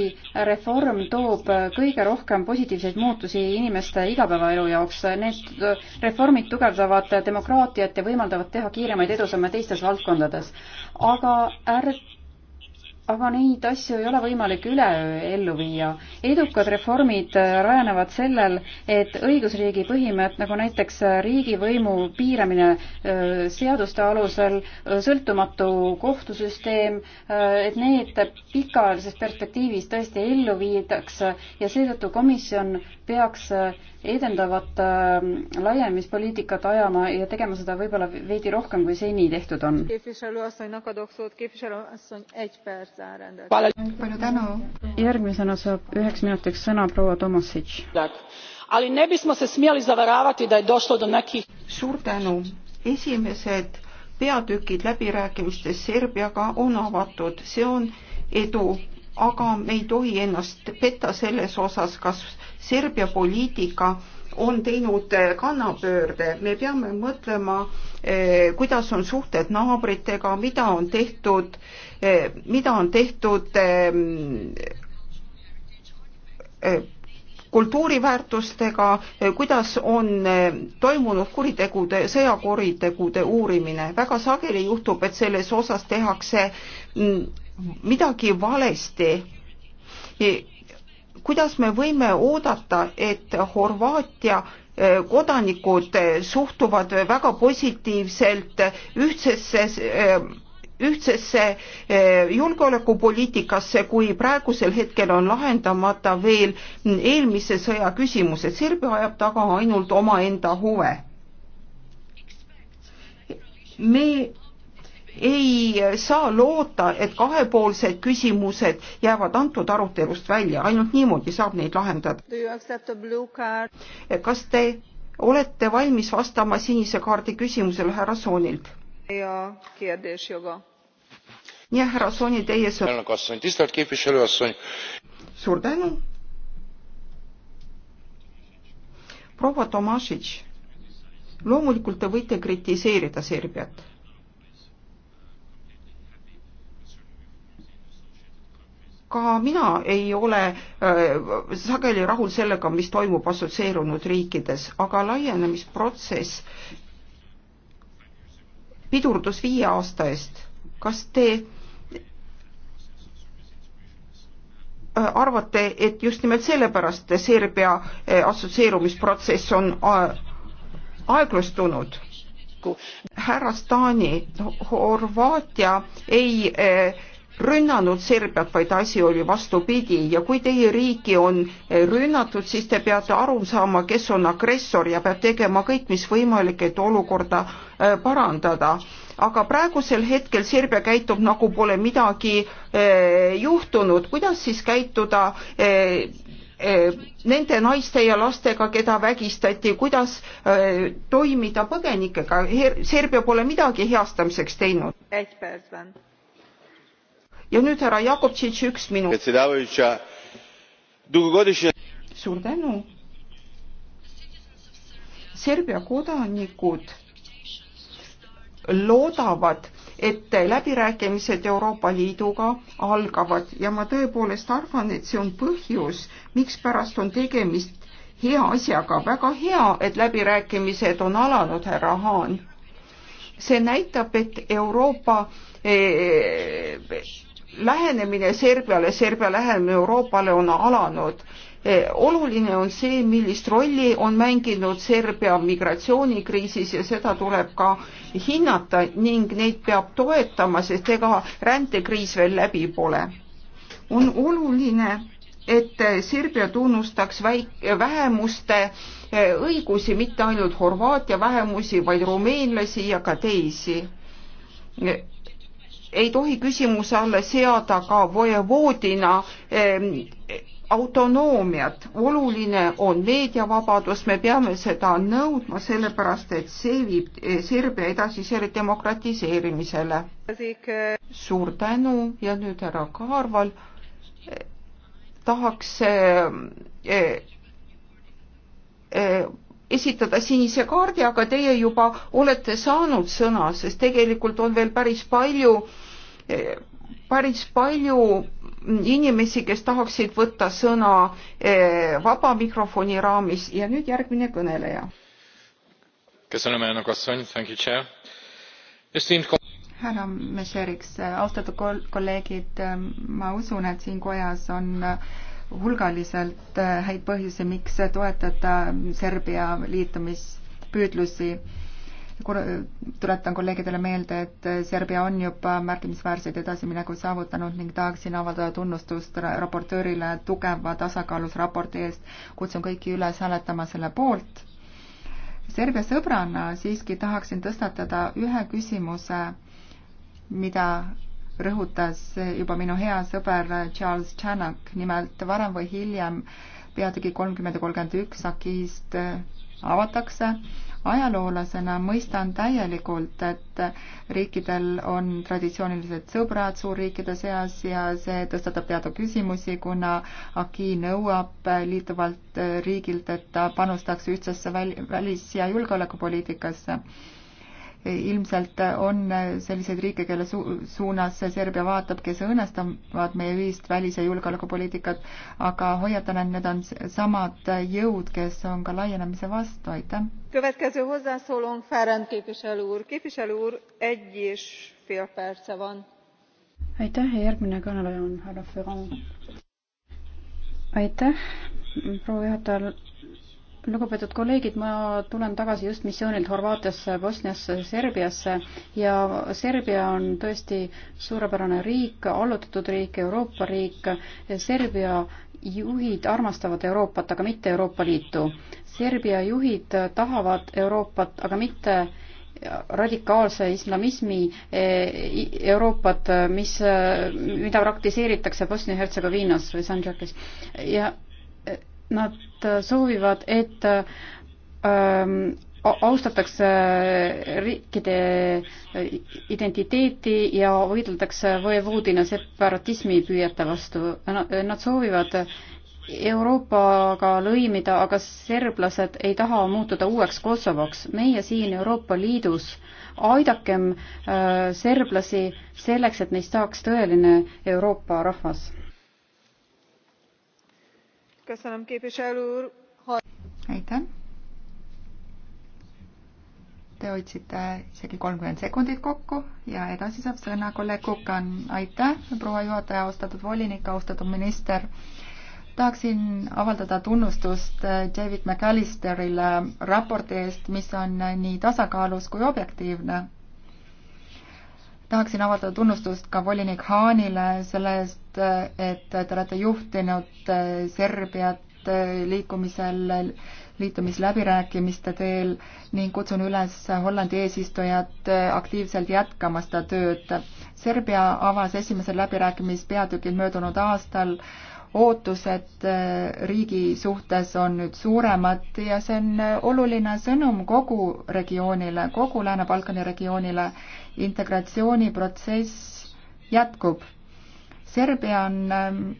reform toob kõige rohkem positiivseid muutusi inimeste igapäevaelu jaoks. Need reformid tugevdavad demokraatiat ja võimaldavad teha kiiremaid edusamme teistes valdkondades. aga ärge aga neid asju ei ole võimalik üleöö ellu viia. edukad reformid rajanevad sellel, et õigusriigi põhimõtt, nagu näiteks riigivõimu piiramine seaduste alusel, sõltumatu kohtusüsteem, et need pikaajalises perspektiivis tõesti ellu viidakse ja seetõttu komisjon peaks edendavat laienemispoliitikat ajama ja tegema seda võib-olla veidi rohkem, kui seni tehtud on palju tänu. järgmisena saab üheks minutiks sõna proua Tomasic. suur tänu. esimesed peatükid läbirääkimistes Serbiaga on avatud, see on edu, aga me ei tohi ennast petta selles osas, kas Serbia poliitika on teinud eh, kannapöörde, me peame mõtlema, eh, kuidas on suhted naabritega, mida on tehtud, eh, mida on tehtud ehm, kultuuriväärtustega, kuidas on toimunud kuritegude, sõjakuritegude uurimine. väga sageli juhtub, et selles osas tehakse mm, midagi valesti kuidas me võime oodata, et Horvaatia eh, kodanikud eh, suhtuvad väga positiivselt ühtsesse eh, ühtsesse julgeolekupoliitikasse, kui praegusel hetkel on lahendamata veel eelmise sõja küsimused. Serbia ajab taga ainult omaenda huve. me ei saa loota, et kahepoolsed küsimused jäävad antud arutelust välja, ainult niimoodi saab neid lahendada. kas te olete valmis vastama sinise kaardi küsimusele härra Soonilt? jah, härra Sooni, teie sõnum. suur tänu. proua Tomašitš, loomulikult te võite kritiseerida Serbiat ka mina ei ole äh, sageli rahul sellega, mis toimub assotsieerunud riikides, aga laienemisprotsess pidurdus viie aasta eest. kas te äh, arvate, et just nimelt sellepärast Serbia äh, assotsieerumisprotsess on aeglustunud? härra Stani, Horvaatia ei rünnanud Serbiat, vaid asi oli vastupidi ja kui teie riiki on eh, rünnatud, siis te peate aru saama, kes on agressor ja peab tegema kõik, mis võimalik, et olukorda eh, parandada. aga praegusel hetkel Serbia käitub nagu pole midagi eh, juhtunud, kuidas siis käituda nende naiste ja lastega, keda vägistati, kuidas toimida põgenikega, Serbia pole midagi heastamiseks teinud ja nüüd härra Jakobtšitš, üks minut. suur tänu. Serbia kodanikud loodavad, et läbirääkimised Euroopa Liiduga algavad ja ma tõepoolest arvan, et see on põhjus, mikspärast on tegemist hea asjaga, väga hea, et läbirääkimised on alanud, härra Haan. see näitab, et Euroopa eh, lähenemine Serbiale, Serbia lähenemine Euroopale on alanud. Eh, oluline on see, millist rolli on mänginud Serbia migratsioonikriisis ja seda tuleb ka hinnata ning neid peab toetama, sest ega rändekriis veel läbi pole. on oluline et Serbia tunnustaks väik-, vähemuste eh, õigusi, mitte ainult Horvaatia vähemusi, vaid rumeenlasi ja ka teisi eh, ei tohi küsimuse alla seada ka voevoodina ehm, autonoomiat. oluline on meediavabadus, me peame seda nõudma, sellepärast et see viib eh, Serbia edasisele demokratiseerimisele. suur tänu ja nüüd härra Kaarval eh, tahaks eh, eh, eh, esitada sinise kaardi, aga teie juba olete saanud sõna, sest tegelikult on veel päris palju, päris palju inimesi, kes tahaksid võtta sõna eh, vaba mikrofoni raamis ja nüüd järgmine kõneleja. härra Mešeriks, austatud kolleegid, ma usun, et siin kojas on äh, hulgaliselt äh, häid põhjusi, miks toetada Serbia liitumispüüdlusi. tuletan kolleegidele meelde, et Serbia on juba märkimisväärseid edasiminekuid saavutanud ning tahaksin avaldada tunnustust raportöörile tugeva tasakaalus raporti eest. kutsun kõiki üles hääletama selle poolt. Serbia sõbrana siiski tahaksin tõstatada ühe küsimuse, mida rõhutas juba minu hea sõber Charles Chanak, nimelt varem või hiljem peatüki kolmkümmend ja kolmkümmend üks AK-ist avatakse. ajaloolasena mõistan täielikult, et riikidel on traditsioonilised sõbrad suurriikide seas ja see tõstatab teatud küsimusi, kuna AK-i nõuab liituvalt riigilt, et ta panustaks ühtsesse välis- ja julgeolekupoliitikasse ilmselt on selliseid riike, kelle su suunas Serbia vaatab, kes õõnestavad meie ühist välis- ja julgeolekupoliitikat, aga hoiatan, et need on samad jõud, kes on ka laienemise vastu, aitäh. aitäh ja järgmine kõneleja on härra Ferrand. aitäh, proua juhataja lugupeetud kolleegid, ma tulen tagasi just missioonilt Horvaatiasse, Bosniasse, Serbiasse ja Serbia on tõesti suurepärane riik, allutatud riik, Euroopa riik. Serbia juhid armastavad Euroopat, aga mitte Euroopa Liitu. Serbia juhid tahavad Euroopat, aga mitte radikaalse islamismi e, Euroopat, mis, mida praktiseeritakse Bosnia-Hertsegoviinas või Sandžakis. ja Nad soovivad, et ähm, austatakse riikide identiteeti ja võideldakse voevoodina separatismi püüete vastu. Nad soovivad Euroopaga lõimida, aga serblased ei taha muutuda uueks Kosovoks. meie siin Euroopa Liidus aidakem äh, serblasi selleks, et neist saaks tõeline Euroopa rahvas aitäh. Te hoidsite isegi kolmkümmend sekundit kokku ja edasi saab sõna kolleeg Kukan. aitäh, proua juhataja, austatud volinik, austatud minister. tahaksin avaldada tunnustust David McAllisterile raporti eest, mis on nii tasakaalus kui objektiivne tahaksin avaldada tunnustust ka volinik Haanile selle eest, et te olete juhtinud eh, Serbiat eh, liikumisel liitumisläbirääkimiste teel ning kutsun üles Hollandi eesistujat eh, aktiivselt jätkama seda tööd. Serbia avas esimesel läbirääkimispeatükil möödunud aastal ootused riigi suhtes on nüüd suuremad ja see on oluline sõnum kogu regioonile, kogu Lääne-Balkani regioonile integratsiooniprotsess jätkub. Serbia on ähm,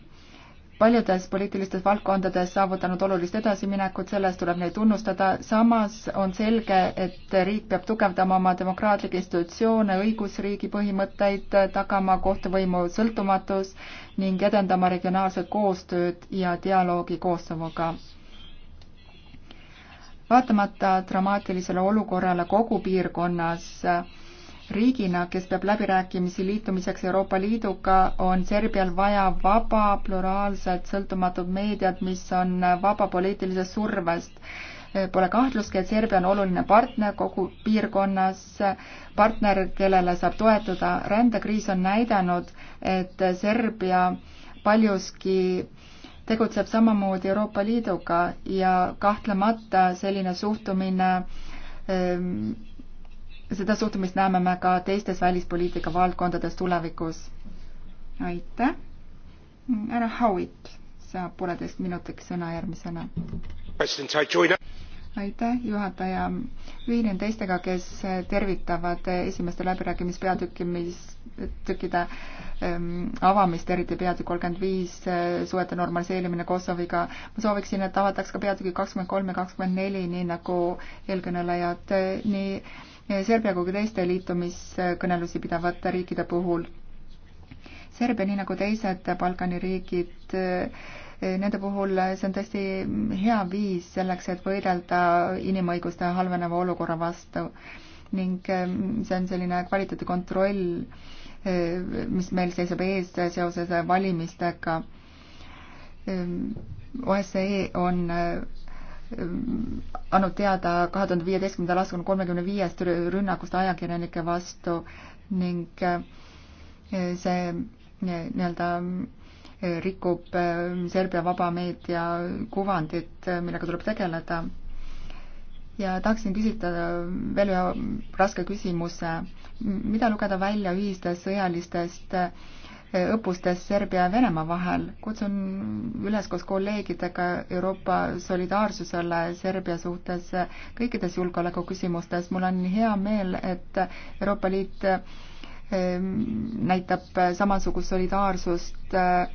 paljudes poliitilistes valdkondades saavutanud olulist edasiminekut, selles tuleb neid tunnustada, samas on selge, et riik peab tugevdama oma demokraatlikke institutsioone, õigusriigi põhimõtteid, tagama kohtuvõimu sõltumatus ning edendama regionaalset koostööd ja dialoogi Kosovoga. vaatamata dramaatilisele olukorrale kogu piirkonnas riigina, kes peab läbirääkimisi liitumiseks Euroopa Liiduga, on Serbial vaja vaba, pluraalset, sõltumatut meediat, mis on vaba poliitilisest survest. Pole kahtlustki, et Serbia on oluline partner kogu piirkonnas, partner, kellele saab toetuda. rändekriis on näidanud, et Serbia paljuski tegutseb samamoodi Euroopa Liiduga ja kahtlemata selline suhtumine ähm, seda suhtumist näeme me ka teistes välispoliitika valdkondades tulevikus. aitäh. härra Howitt saab pooleteist minutiks sõna järgmisena. aitäh, juhataja. ühinen teistega, kes tervitavad esimeste läbirääkimispeatükki, mis tükkide ähm, avamist, eriti peatükk kolmkümmend viis, äh, suhete normaliseerimine Kosoviga. ma sooviksin, et avataks ka peatükid kakskümmend kolm ja kakskümmend neli, nii nagu eelkõnelejad, äh, nii Serbia kui teiste liitumiskõnelusi pidavate riikide puhul. Serbia, nii nagu teised Balkani riigid, nende puhul see on tõesti hea viis selleks, et võidelda inimõiguste halveneva olukorra vastu ning ehm, see on selline kvaliteedikontroll, ehm, mis meil seisab ees seoses valimistega. Ehm, OSCE on andnud teada kahe tuhande viieteistkümnendal aastal kolmekümne viiest rünnakust ajakirjanike vastu ning eh, see eh, nii-öelda eh, rikub Serbia vaba meedia kuvandit, millega tuleb tegeleda. ja tahaksin küsida veel ühe raske küsimuse. mida lugeda välja ühistest sõjalistest äh, õppustes Serbia ja Venemaa vahel. kutsun üles koos kolleegidega Euroopa solidaarsusele Serbia suhtes kõikides julgeolekuküsimustes. mul on hea meel, et Euroopa Liit Ehm, näitab samasugust solidaarsust äh,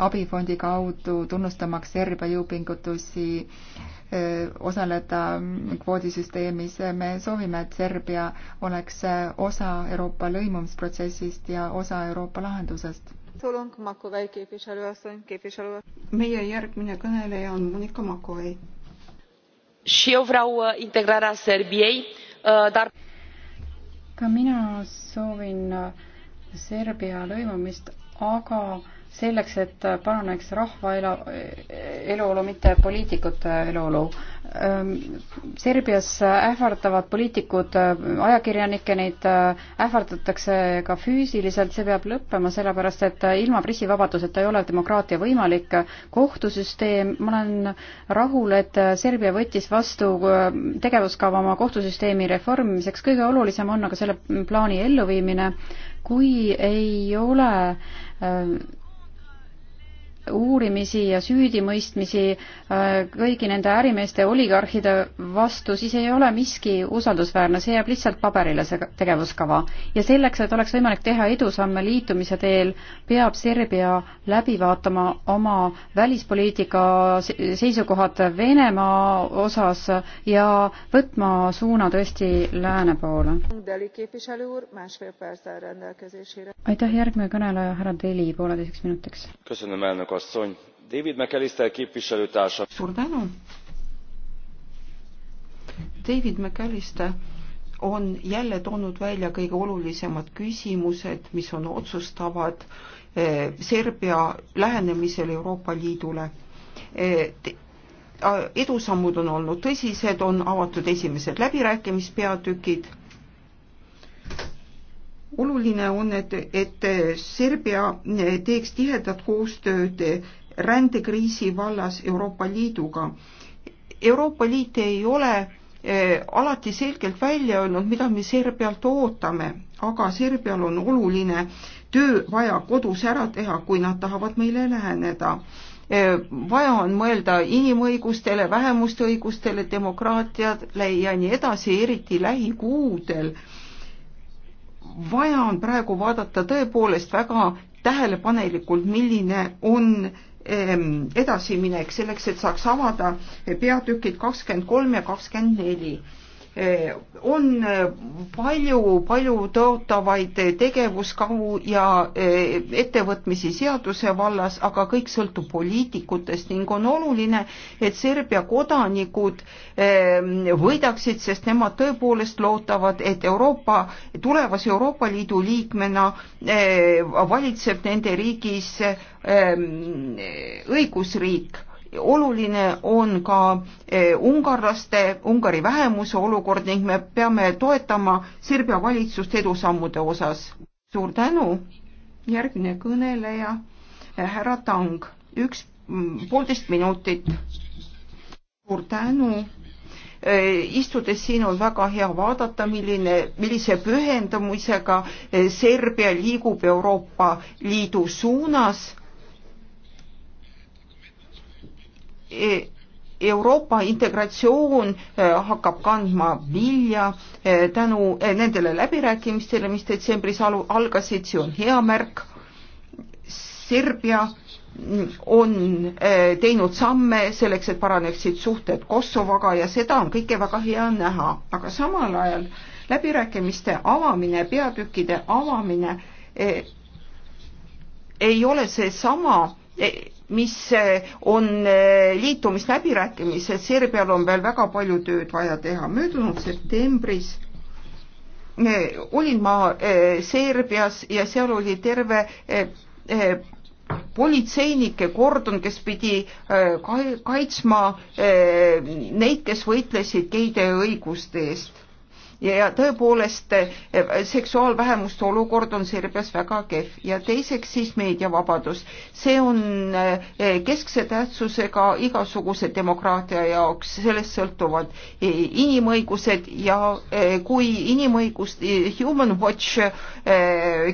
abifondi kaudu, tunnustamaks Serbia jõupingutusi äh, osaleda kvoodisüsteemis. me soovime, et Serbia oleks äh, osa Euroopa lõimumisprotsessist ja osa Euroopa lahendusest. meie järgmine kõneleja on Monika Makovei. Și eu vreau uh, integrarea Serbiei, uh, dar ka mina soovin äh, Serbia lõimumist, aga selleks, et paraneks rahva elu, eluolu, mitte poliitikute eluolu. Ehm, Serbias ähvardavad poliitikud ehm, ajakirjanikke, neid ehm, ähvardatakse ka füüsiliselt, see peab lõppema, sellepärast et ilma pressivabaduseta ei ole demokraatia võimalik. kohtusüsteem, ma olen rahul, et Serbia võttis vastu tegevuskava oma kohtusüsteemi reformimiseks, kõige olulisem on aga selle plaani elluviimine kui ei ole uurimisi ja süüdimõistmisi äh, kõigi nende ärimeeste oligarhide vastu, siis ei ole miski usaldusväärne, see jääb lihtsalt paberile, see tegevuskava. ja selleks, et oleks võimalik teha edusamme liitumise teel, peab Serbia läbi vaatama oma välispoliitika seisukohad Venemaa osas ja võtma suuna tõesti lääne poole. aitäh, järgmine kõneleja, härra Deli, pooleteiseks minutiks asszony david mcallister képviselőtársam. suur tänu! david mcallister on jälle toonud välja kõige olulisemad küsimused, mis on otsustavad eh, Serbia lähenemisel Euroopa Liidule. Eh, edusammud on olnud tõsised, on avatud esimesed läbirääkimispeatükid oluline on, et, et Serbia teeks tihedat koostööd rändekriisi vallas Euroopa Liiduga. Euroopa Liit ei ole eh, alati selgelt välja öelnud, mida me Serbialt ootame, aga Serbial on oluline töö vaja kodus ära teha, kui nad tahavad meile läheneda. Eh, vaja on mõelda inimõigustele, vähemuste õigustele, demokraatiale ja nii edasi, eriti lähikuudel vaja on praegu vaadata tõepoolest väga tähelepanelikult, milline on ehm, edasiminek selleks, et saaks avada peatükid kakskümmend kolm ja kakskümmend neli Eh, on eh, palju, palju tõotavaid tegevuskavu ja eh, ettevõtmisi seaduse vallas, aga kõik sõltub poliitikutest ning on oluline, et Serbia kodanikud võidaksid, sest nemad tõepoolest loodavad, et Euroopa, tulevase Euroopa Liidu liikmena valitseb nende riigis õigusriik oluline on ka eh, ungarlaste, Ungari vähemuse olukord ning me peame toetama Serbia valitsust edusammude osas. suur tänu, järgmine kõneleja, eh, härra Tang, üks mm, poolteist minutit. suur tänu eh, istudes siin on väga hea vaadata, milline, millise pühendumisega Serbia liigub Euroopa Liidu suunas E, Euroopa integratsioon e, hakkab kandma vilja e, tänu nendele läbirääkimistele, mis detsembris algasid, see on hea märk. Serbia on teinud samme selleks, et paraneksid suhted Kosovoga ja seda on kõike väga hea näha, aga samal ajal läbirääkimiste avamine, peatükkide avamine ei ole seesama, mis eh, on eh, liitumisläbirääkimised, Serbial on veel väga palju tööd vaja teha. möödunud septembris eh, olin ma Serbias ja seal oli terve politseinike kordon, kes pidi kaitsma neid, kes võitlesid geide õiguste eest ja tõepoolest eh, seksuaalvähemuste olukord on Serbias väga kehv ja teiseks siis meediavabadus. see on eh, keskse tähtsusega igasuguse demokraatia jaoks, sellest sõltuvad eh, inimõigused ja kui inimõigust Human Watch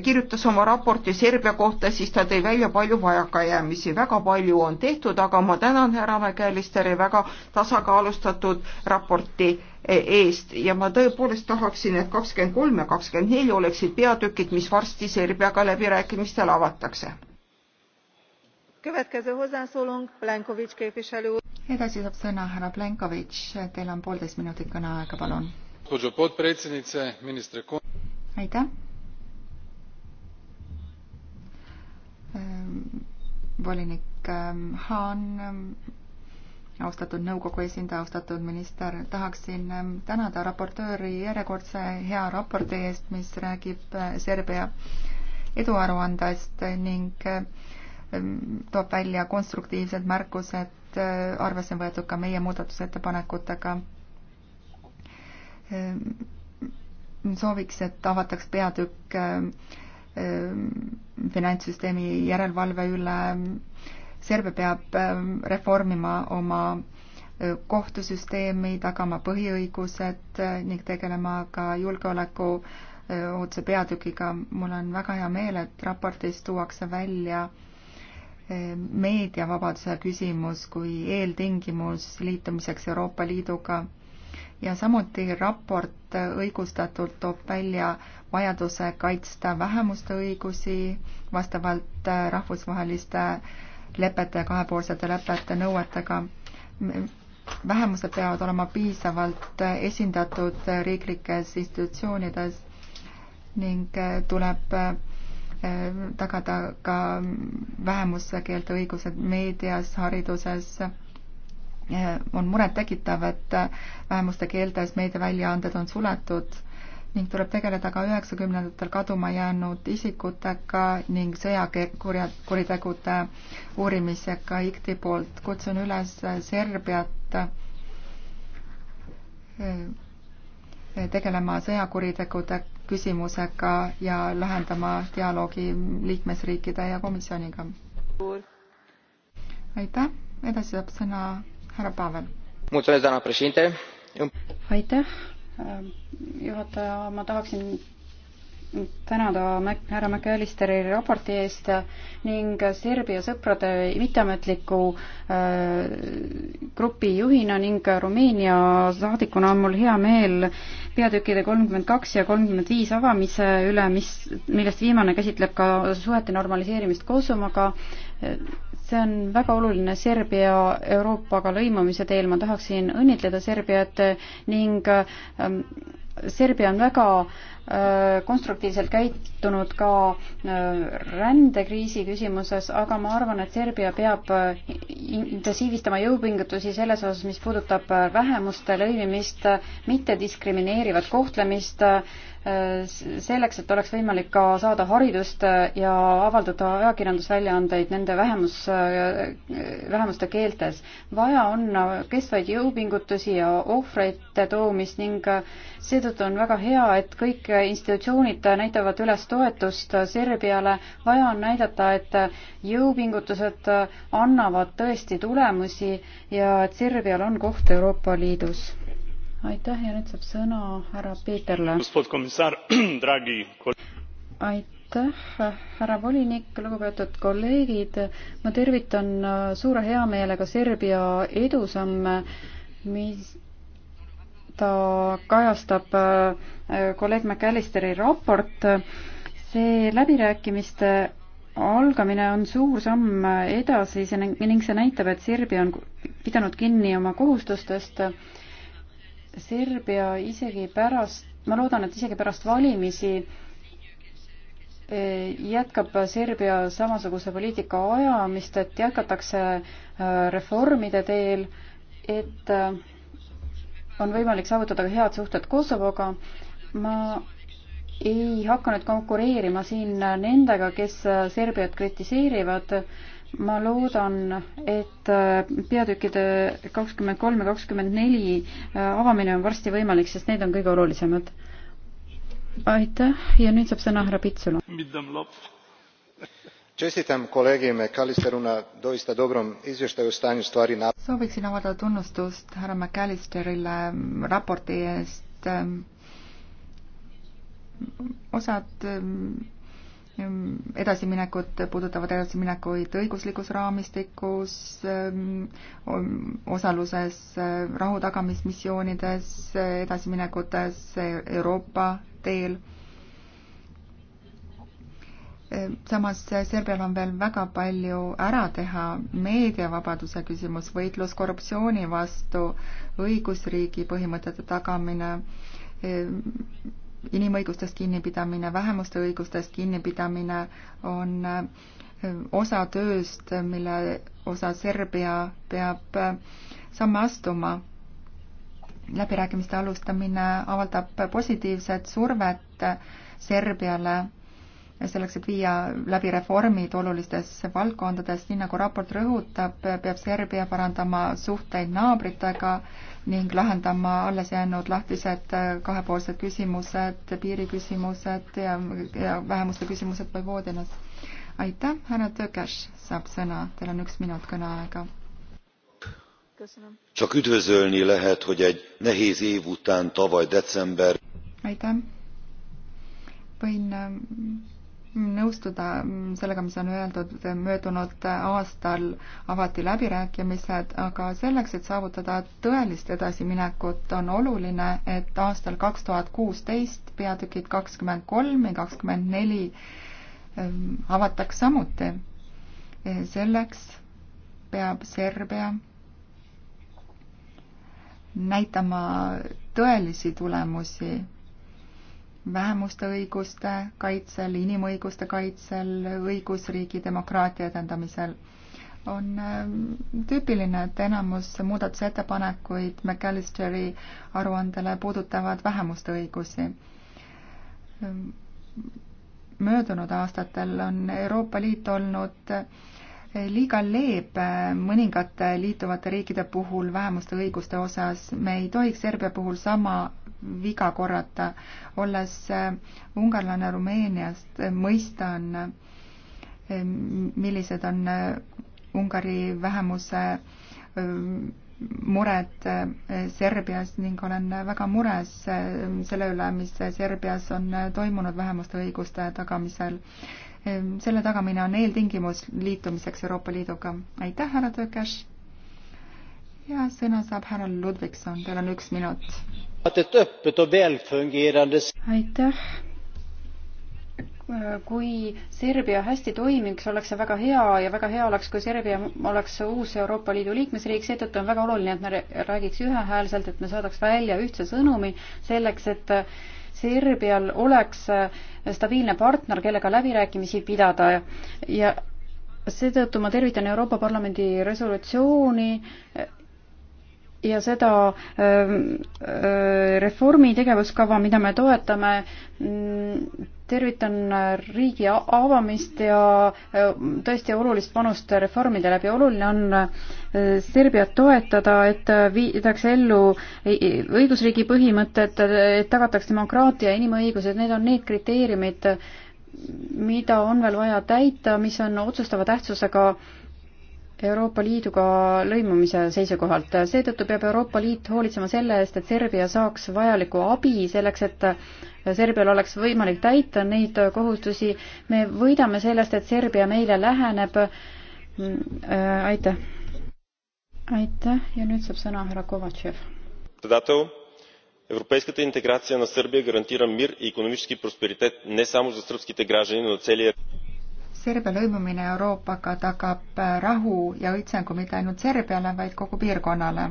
kirjutas oma raporti Serbia kohta, siis ta tõi välja palju vajakajäämisi, väga palju on tehtud, aga ma tänan härra Mäge-Lister ja väga tasakaalustatud raporti eest ja ma tõepoolest tahaksin, et kakskümmend kolm ja kakskümmend neli oleksid peatükid, mis varsti Serbiaga läbirääkimistel avatakse. edasi saab sõna härra Plenkovitš, teil on poolteist minutit kõneaega, palun. aitäh. Ehm, volinik ehm, Haan ehm, austatud nõukogu esindaja, austatud minister, tahaksin ähm, tänada raportööri järjekordse hea raporti eest, mis räägib äh, Serbia eduaruandest ning äh, toob välja konstruktiivsed märkused, äh, arvesse on võetud ka meie muudatusettepanekutega. sooviks, et avataks peatükk finantssüsteemi järelevalve üle Serbia peab ähm, reformima oma äh, kohtusüsteemi, tagama põhiõigused äh, ning tegelema ka julgeoleku äh, otse peatükiga. mul on väga hea meel, et raportis tuuakse välja meediavabaduse küsimus kui eeltingimus liitumiseks Euroopa Liiduga ja samuti raport õigustatult toob välja vajaduse kaitsta vähemuste õigusi vastavalt rahvusvaheliste lepete ja kahepoolsete lepete nõuetega. vähemused peavad olema piisavalt esindatud riiklikes institutsioonides ning tuleb eh, tagada ka vähemuskeelte õigused meedias, hariduses. Eh, on murettekitav, et vähemuste keeltes meediaväljaanded on suletud ning tuleb tegeleda ka üheksakümnendatel kaduma jäänud isikutega ning sõjakuritegude uurimisega IKT poolt. kutsun üles Serbiat eh, tegelema sõjakuritegude küsimusega ja lahendama dialoogi liikmesriikide ja komisjoniga. aitäh, edasi saab sõna härra Pavel. aitäh Äh, juhataja, ma tahaksin tänada härra McAllisteri raporti eest ning Serbia sõprade mitteametliku äh, grupi juhina ning Rumeenia saadikuna on mul hea meel peatükkide kolmkümmend kaks ja kolmkümmend viis avamise üle, mis, millest viimane käsitleb ka suhete normaliseerimist Kosovoga see on väga oluline Serbia Euroopaga lõimumise teel, ma tahaksin õnnitleda Serbiat ning ähm, Serbia on väga Äh, konstruktiivselt käitunud ka äh, rändekriisi küsimuses, aga ma arvan, et Serbia peab äh, intensiivistama jõupingutusi selles osas, mis puudutab vähemuste lõimimist, mittediskrimineerivat kohtlemist, selleks, et oleks võimalik ka saada haridust ja avaldada ajakirjandusväljaandeid nende vähemus, vähemuste keeltes. vaja on kestvaid jõupingutusi ja ohvrite toomist ning seetõttu on väga hea, et kõik institutsioonid näitavad üles toetust Serbiale, vaja on näidata, et jõupingutused annavad tõesti tulemusi ja et Serbial on koht Euroopa Liidus. aitäh ja nüüd saab sõna härra Peeterle. aitäh aitäh, härra volinik, lugupeetud kolleegid. ma tervitan suure heameelega Serbia edusamme, mis ta kajastab äh, kolleeg McAllisteri raport. see läbirääkimiste algamine on suur samm edasi ning see näitab, et Serbia on pidanud kinni oma kohustustest. Serbia isegi pärast, ma loodan, et isegi pärast valimisi äh, jätkab Serbia samasuguse poliitika ajamist, et jätkatakse äh, reformide teel, et äh, on võimalik saavutada ka head suhted Kosovoga. ma ei hakka nüüd konkureerima siin nendega, kes Serbiat kritiseerivad. ma loodan, et peatükkide kakskümmend kolm ja kakskümmend neli avamine on varsti võimalik, sest need on kõige olulisemad. aitäh ja nüüd saab sõna härra Pitsula čestitam kolegi mcallisteru na doista dobrom izvještaju o stanju stvari sooviksin avaldada tunnustust härra mcallisterile raporti eest ehm, osad ehm, edasiminekud puudutavad edasiminekuid õiguslikus raamistikus, ehm, osaluses eh, rahu tagamismissioonides, eh, edasiminekutes eh, Euroopa teel samas Serbial on veel väga palju ära teha meediavabaduse küsimus, võitlus korruptsiooni vastu, õigusriigi põhimõtete tagamine, inimõigustest kinnipidamine, vähemuste õigustest kinnipidamine on eh, osa tööst, mille osa Serbia peab eh, samme astuma. läbirääkimiste alustamine avaldab positiivset survet Serbiale selleks, et viia läbi reformid olulistes valdkondades, nii nagu raport rõhutab, peab Serbia parandama suhteid naabritega ning lahendama alles jäänud lahtised äh, kahepoolsed küsimused, piiriküsimused ja, ja vähemuste küsimused Vojvodinas. aitäh, härra Tökes saab sõna, teil on üks minut kõneaega. Csak üdvözölni lehet, hogy egy nehéz év után tavaly december. Aitäh. Võin nõustuda mm, sellega, mis on öeldud, möödunud aastal avati läbirääkimised, aga selleks, et saavutada tõelist edasiminekut, on oluline, et aastal kaks tuhat kuusteist peatükid kakskümmend kolm ja kakskümmend neli ehm, avataks samuti. Eh, selleks peab Serbia näitama tõelisi tulemusi vähemuste õiguste kaitsel, inimõiguste kaitsel, õigusriigi demokraatia edendamisel. on ähm, tüüpiline, et enamus muudatusettepanekuid McAllisteri aruandele puudutavad vähemuste õigusi. Ähm, möödunud aastatel on Euroopa Liit olnud äh, liiga leebe mõningate liituvate riikide puhul vähemuste õiguste osas. me ei tohiks Serbia puhul sama viga korrata. olles äh, ungarlane Rumeeniast, äh, mõistan, äh, millised on Ungari vähemuse mured Serbias ning olen väga mures selle üle, mis Serbias on toimunud vähemuste õiguste tagamisel. selle tagamine on eeltingimus liitumiseks Euroopa Liiduga. aitäh, härra Tökes! ja sõna saab härra Ludvikson, teil on üks minut aitäh kui Serbia hästi toimiks, oleks see väga hea ja väga hea oleks, kui Serbia oleks uus Euroopa Liidu liikmesriik, seetõttu on väga oluline, et me räägiks ühehäälselt, et me saadaks välja ühtse sõnumi selleks, et Serbial oleks stabiilne partner, kellega läbirääkimisi pidada ja seetõttu ma tervitan Euroopa Parlamendi resolutsiooni ja seda ähm, äh, reformi tegevuskava, mida me toetame, mm, tervitan riigi avamist ja äh, tõesti olulist panust reformide läbi. oluline on äh, Serbiat toetada, et viidakse ellu õigusriigi põhimõtted, et tagataks demokraatia ja inimõigused, need on need kriteeriumid, mida on veel vaja täita, mis on otsustava tähtsusega äh, Euroopa Liiduga lõimumise seisukohalt. seetõttu peab Euroopa Liit hoolitsema selle eest, et Serbia saaks vajalikku abi selleks, et Serbial oleks võimalik täita neid kohustusi. me võidame sellest, et Serbia meile läheneb. Mm, äh, aitäh. aitäh ja nüüd saab sõna härra Kovatšev. Европейската интеграция на Сърбия гарантира мир и економически просперитет не само за сръбските граждани, но и целия Serbia lõimumine Euroopaga tagab äh, rahu ja õitsengu mitte ainult Serbiale, vaid kogu piirkonnale.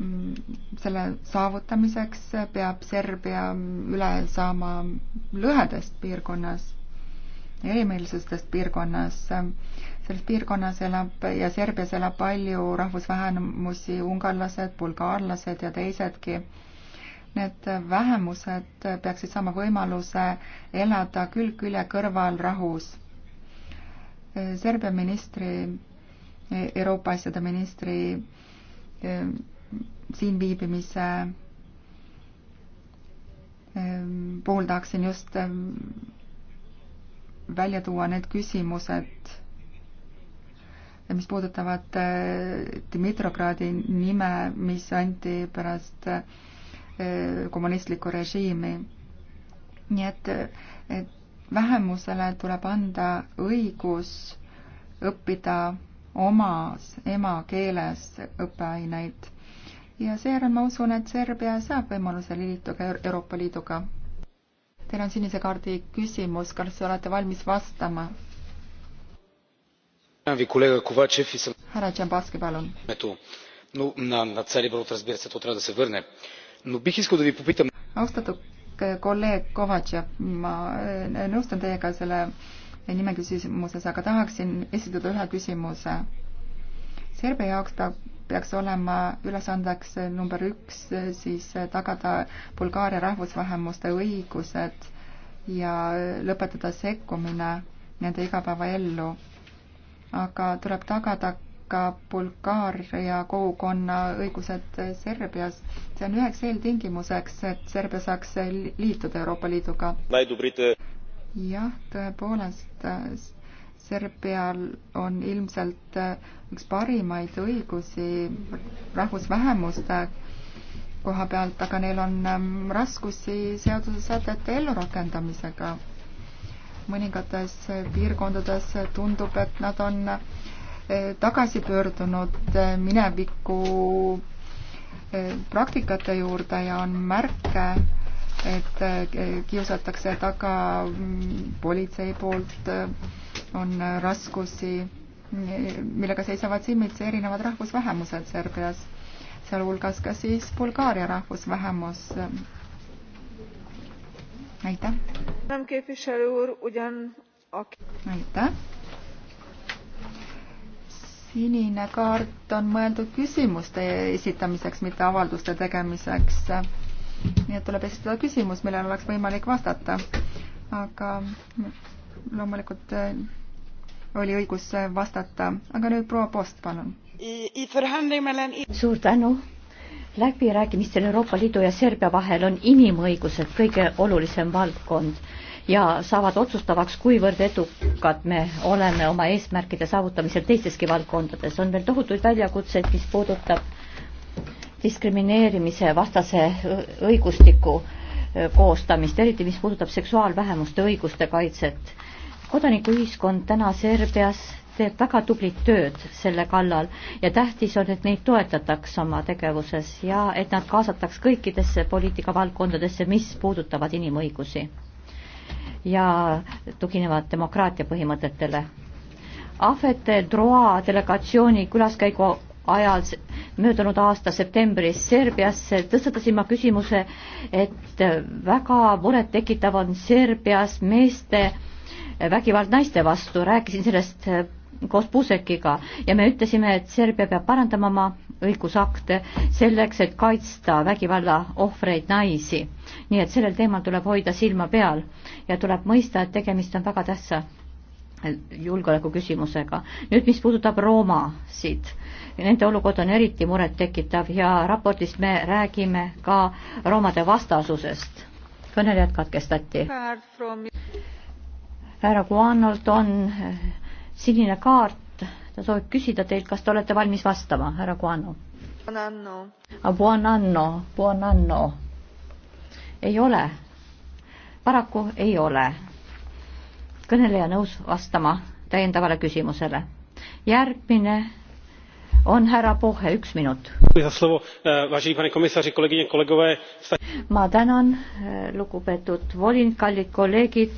Mm, selle saavutamiseks peab Serbia üle saama lõhedest piirkonnas, erimeelsustest piirkonnas. selles piirkonnas elab ja Serbias elab palju rahvusvähemusi, ungarlased, bulgaarlased ja teisedki need vähemused peaksid saama võimaluse elada külg külje kõrval rahus. Serbia ministri, Euroopa asjade ministri ehm, siin viibimise ehm, puhul tahaksin just ehm, välja tuua need küsimused, mis puudutavad Dmitrogradi nime, mis anti pärast Äh, kommunistlikku režiimi. nii et, äh, et vähemusele tuleb anda õigus õppida omas emakeeles õppeaineid. ja seejärel ma usun, et Serbia saab võimaluse liituda Euroopa Liiduga. Teil on sinise kaardi küsimus, kas olete valmis vastama? härra Tšambaski, palun. no na, na Tsari poolt, разбира se, to treba da se vrne austatud kolleeg Kovatšev, ma eh, nõustun teiega selle nimeküsimuses, aga tahaksin esitada ühe küsimuse. Serbia jaoks ta peaks olema ülesandeks number üks siis tagada Bulgaaria rahvusvähemuste õigused ja lõpetada sekkumine nende igapäevaellu. aga tuleb tagada ka Bulgaaria kogukonna õigused Serbias. see on üheks eeltingimuseks, et Serbia saaks liituda Euroopa Liiduga. jah, tõepoolest, Serbial on ilmselt üks parimaid õigusi rahvusvähemuste koha pealt, aga neil on ähm, raskusi seadusesätete ellurakendamisega. mõningates piirkondades tundub, et nad on äh, Eh, tagasi pöördunud eh, mineviku eh, praktikate juurde ja on märke, et kiusatakse taga mm, politsei poolt, on raskusi, millega seisavad silmitsi erinevad rahvusvähemused Serbias, sealhulgas ka siis Bulgaaria rahvusvähemus. aitäh. aitäh sinine kaart on mõeldud küsimuste esitamiseks, mitte avalduste tegemiseks. nii et tuleb esitada küsimus, millele oleks võimalik vastata. aga loomulikult eh, oli õigus vastata, aga nüüd proua Post, palun. suur tänu. läbirääkimistel Euroopa Liidu ja Serbia vahel on inimõigused kõige olulisem valdkond ja saavad otsustavaks, kuivõrd edukad me oleme oma eesmärkide saavutamisel teisteski valdkondades. on veel tohutuid väljakutseid, mis puudutab diskrimineerimise vastase õigustiku koostamist, eriti mis puudutab seksuaalvähemuste õiguste kaitset. kodanikuühiskond täna Serbias teeb väga tublit tööd selle kallal ja tähtis on, et neid toetataks oma tegevuses ja et nad kaasataks kõikidesse poliitikavaldkondadesse, mis puudutavad inimõigusi ja tuginevad demokraatia põhimõtetele. Ahvete Droa delegatsiooni külaskäigu ajal möödunud aasta septembris Serbiasse tõstatasin ma küsimuse, et väga murettekitav on Serbias meeste vägivald naiste vastu, rääkisin sellest koos Pusekiga ja me ütlesime, et Serbia peab parandama oma õigusakte selleks, et kaitsta vägivalla ohvreid naisi. nii et sellel teemal tuleb hoida silma peal ja tuleb mõista, et tegemist on väga tähtsa julgeoleku küsimusega. nüüd, mis puudutab Roomasid, nende olukord on eriti murettekitav ja raportis me räägime ka roomade vastasusest. kõnelejad katkestati. härra Guanolt on sinine kaart ta soovib küsida teilt, kas te olete valmis vastama, härra Guano? Ah, buonanno, buonanno. ei ole. paraku ei ole. kõneleja nõus vastama täiendavale küsimusele. järgmine on härra Pohe, üks minut. Eh, ma tänan, eh, lugupeetud volinik, kallid kolleegid.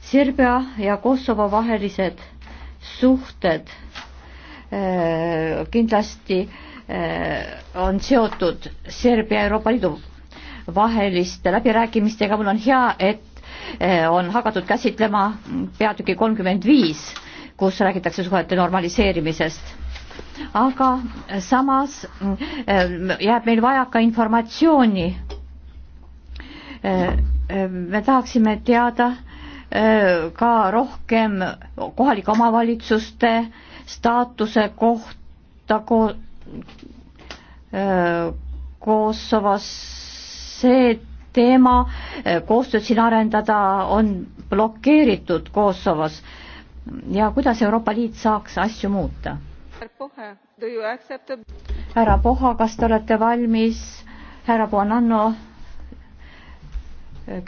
Serbia ja Kosovo vahelised suhted kindlasti eh, on seotud Serbia ja Euroopa Liidu vaheliste läbirääkimistega, mul on hea, et eh, on hakatud käsitlema peatüki kolmkümmend viis, kus räägitakse suhete normaliseerimisest. aga samas eh, jääb meil vajaka informatsiooni. me tahaksime teada ka rohkem kohalike omavalitsuste äh, staatuse kohta ko-, Kosovos, see teema, koostööd siin arendada on blokeeritud Kosovos ja kuidas Euroopa Liit saaks asju muuta? härra Poha, kas te olete valmis härra Buonanno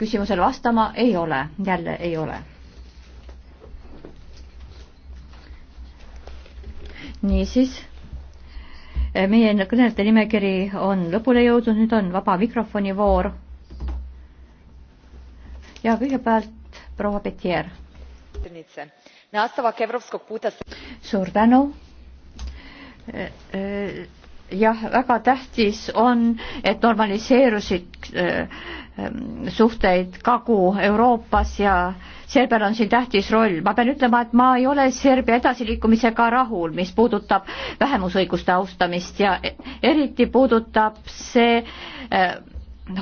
küsimusele vastama? ei ole, jälle ei ole niisiis, eh, meie kõnelejate nimekiri on lõpule jõudnud, nüüd on vaba mikrofoni voor. ja kõigepealt proua Petier. suur tänu eh, eh, jah, väga tähtis on, et normaliseerusid äh, ähm, suhteid Kagu-Euroopas ja Serbial on siin tähtis roll. ma pean ütlema, et ma ei ole Serbia edasiliikumisega rahul, mis puudutab vähemusõiguste austamist ja e-, eriti puudutab see äh,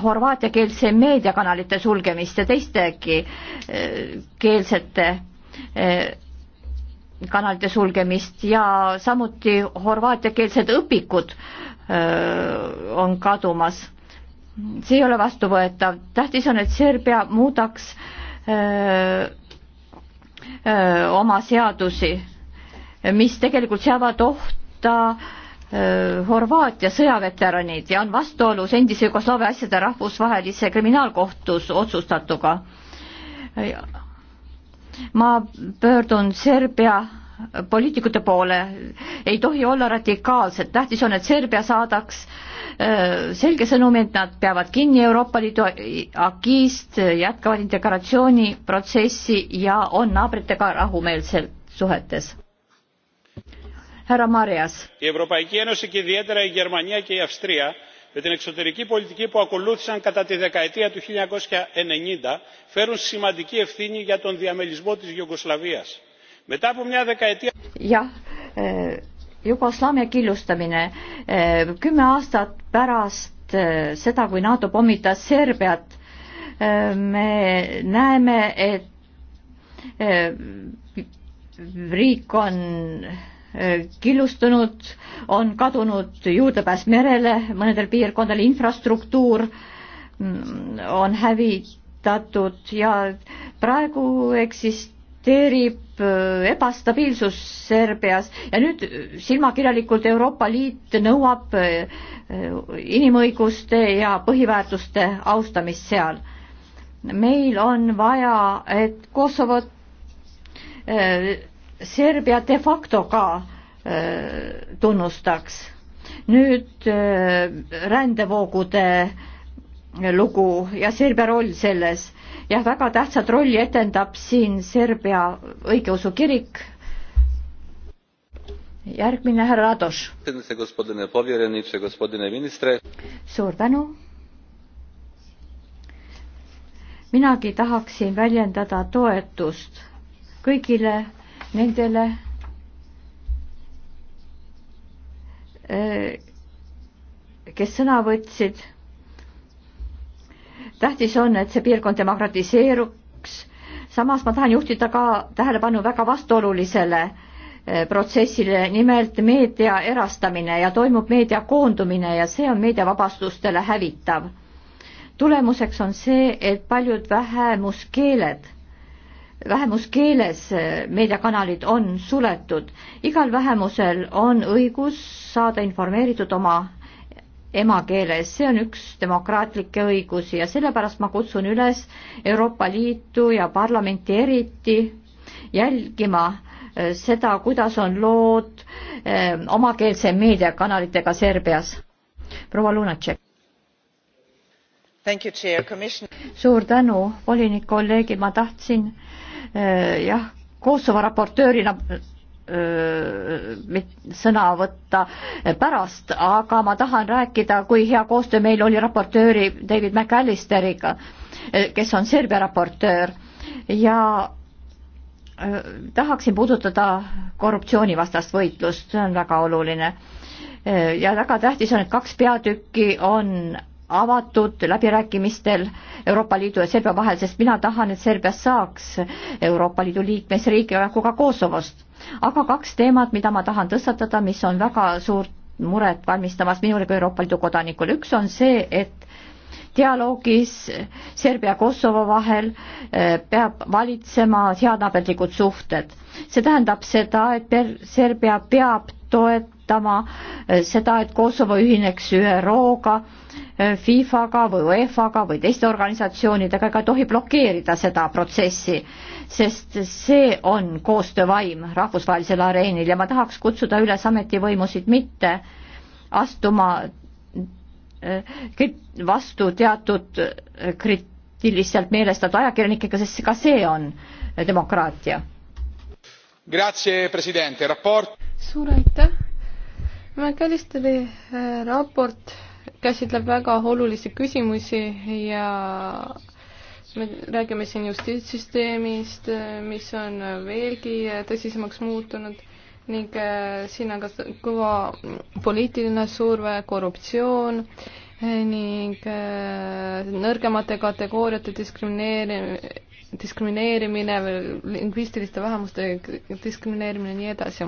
horvaatiakeelse meediakanalite sulgemist ja teistegi äh, keelsete kanalite sulgemist ja samuti horvaatiakeelsed õpikud öö, on kadumas. see ei ole vastuvõetav, tähtis on, et Serbia muudaks öö, öö, oma seadusi, mis tegelikult seavad ohta öö, Horvaatia sõjaveteranid ja on vastuolus endise Jugoslaavia asjade rahvusvahelise kriminaalkohtus otsustatuga ma pöördun Serbia poliitikute poole, ei tohi olla radikaalsed, tähtis on, et Serbia saadaks äh, selge sõnumi, et nad peavad kinni Euroopa Liidu agiist, jätkavad integratsiooniprotsessi ja on naabritega rahumeelselt suhetes. härra Marjas με την εξωτερική πολιτική που ακολούθησαν κατά τη δεκαετία του χίλια εννιακόσια ενενήντα φέρουν σημαντική ευθύνη για τον διαμελισμό της Ιουγκοσλαβίας. Μετά από μια δεκαετία... Jah, Jugoslaavia killustamine kümme aastat pärast seda, kui NATO pommitas Serbiat, me näeme, et riik on killustunud, on kadunud juurdepääs merele, mõnedel piirkondadel infrastruktuur mm, on hävitatud ja praegu eksisteerib äh, ebastabiilsus Serbias ja nüüd silmakirjalikult Euroopa Liit nõuab äh, inimõiguste ja põhiväärtuste austamist seal. meil on vaja, et Kosovot äh, Serbia de facto ka äh, tunnustaks. nüüd äh, rändevoogude lugu ja Serbia roll selles. jah, väga tähtsat rolli etendab siin Serbia õigeusu kirik. järgmine härra Radoš. suur tänu minagi tahaksin väljendada toetust kõigile nendele, äh, kes sõna võtsid. tähtis on, et see piirkond demokratiseeruks, samas ma tahan juhtida ka tähelepanu väga vastuolulisele äh, protsessile, nimelt meedia erastamine ja toimub meedia koondumine ja see on meediavabastustele hävitav. tulemuseks on see, et paljud vähemuskeeled vähemuskeeles eh, meediakanalid on suletud. igal vähemusel on õigus saada informeeritud oma emakeeles, see on üks demokraatlikke õigusi ja sellepärast ma kutsun üles Euroopa Liitu ja parlamenti eriti jälgima eh, seda, kuidas on lood eh, omakeelse meediakanalitega Serbias. proua Lunatšek. suur tänu, volinik, kolleegid, ma tahtsin eh, Eh, jah, Kosovo raportöörina eh, sõna võtta pärast, aga ma tahan rääkida, kui hea koostöö meil oli raportööri David McAllisteriga, eh, kes on Serbia raportöör ja tahaksin puudutada korruptsioonivastast võitlust, see on väga oluline. ja väga tähtis on, et kaks peatükki on avatud läbirääkimistel Euroopa Liidu ja Serbia vahel, sest mina tahan, et Serbiast saaks Euroopa Liidu liikmesriik ja nagu ka Kosovost. aga kaks teemat, mida ma tahan tõstatada, mis on väga suurt muret valmistamas minule kui Euroopa Liidu kodanikule, üks on see, et dialoogis Serbia ja Kosovo vahel eh, peab valitsema heanabelikud suhted. see tähendab seda, et Serbia peab toetama eh, seda, et Kosovo ühineks ÜRO-ga FIFA-ga või UEFA-ga või teiste organisatsioonidega ega tohi blokeerida seda protsessi, sest see on koostöövaim rahvusvahelisel areenil ja ma tahaks kutsuda üles ametivõimusid mitte astuma eh, vastu teatud eh, kriitiliselt meelestatud ajakirjanikega, sest ka see on demokraatia. suur aitäh McAllisteri eh, raport käsitleb väga olulisi küsimusi ja me räägime siin justiitssüsteemist, mis on veelgi tõsisemaks muutunud ning äh, siin on ka kõva poliitiline surve, korruptsioon äh, ning äh, nõrgemate kategooriate diskrimineerimine, diskrimineerimine või lingvistiliste vähemuste diskrimineerimine ja nii edasi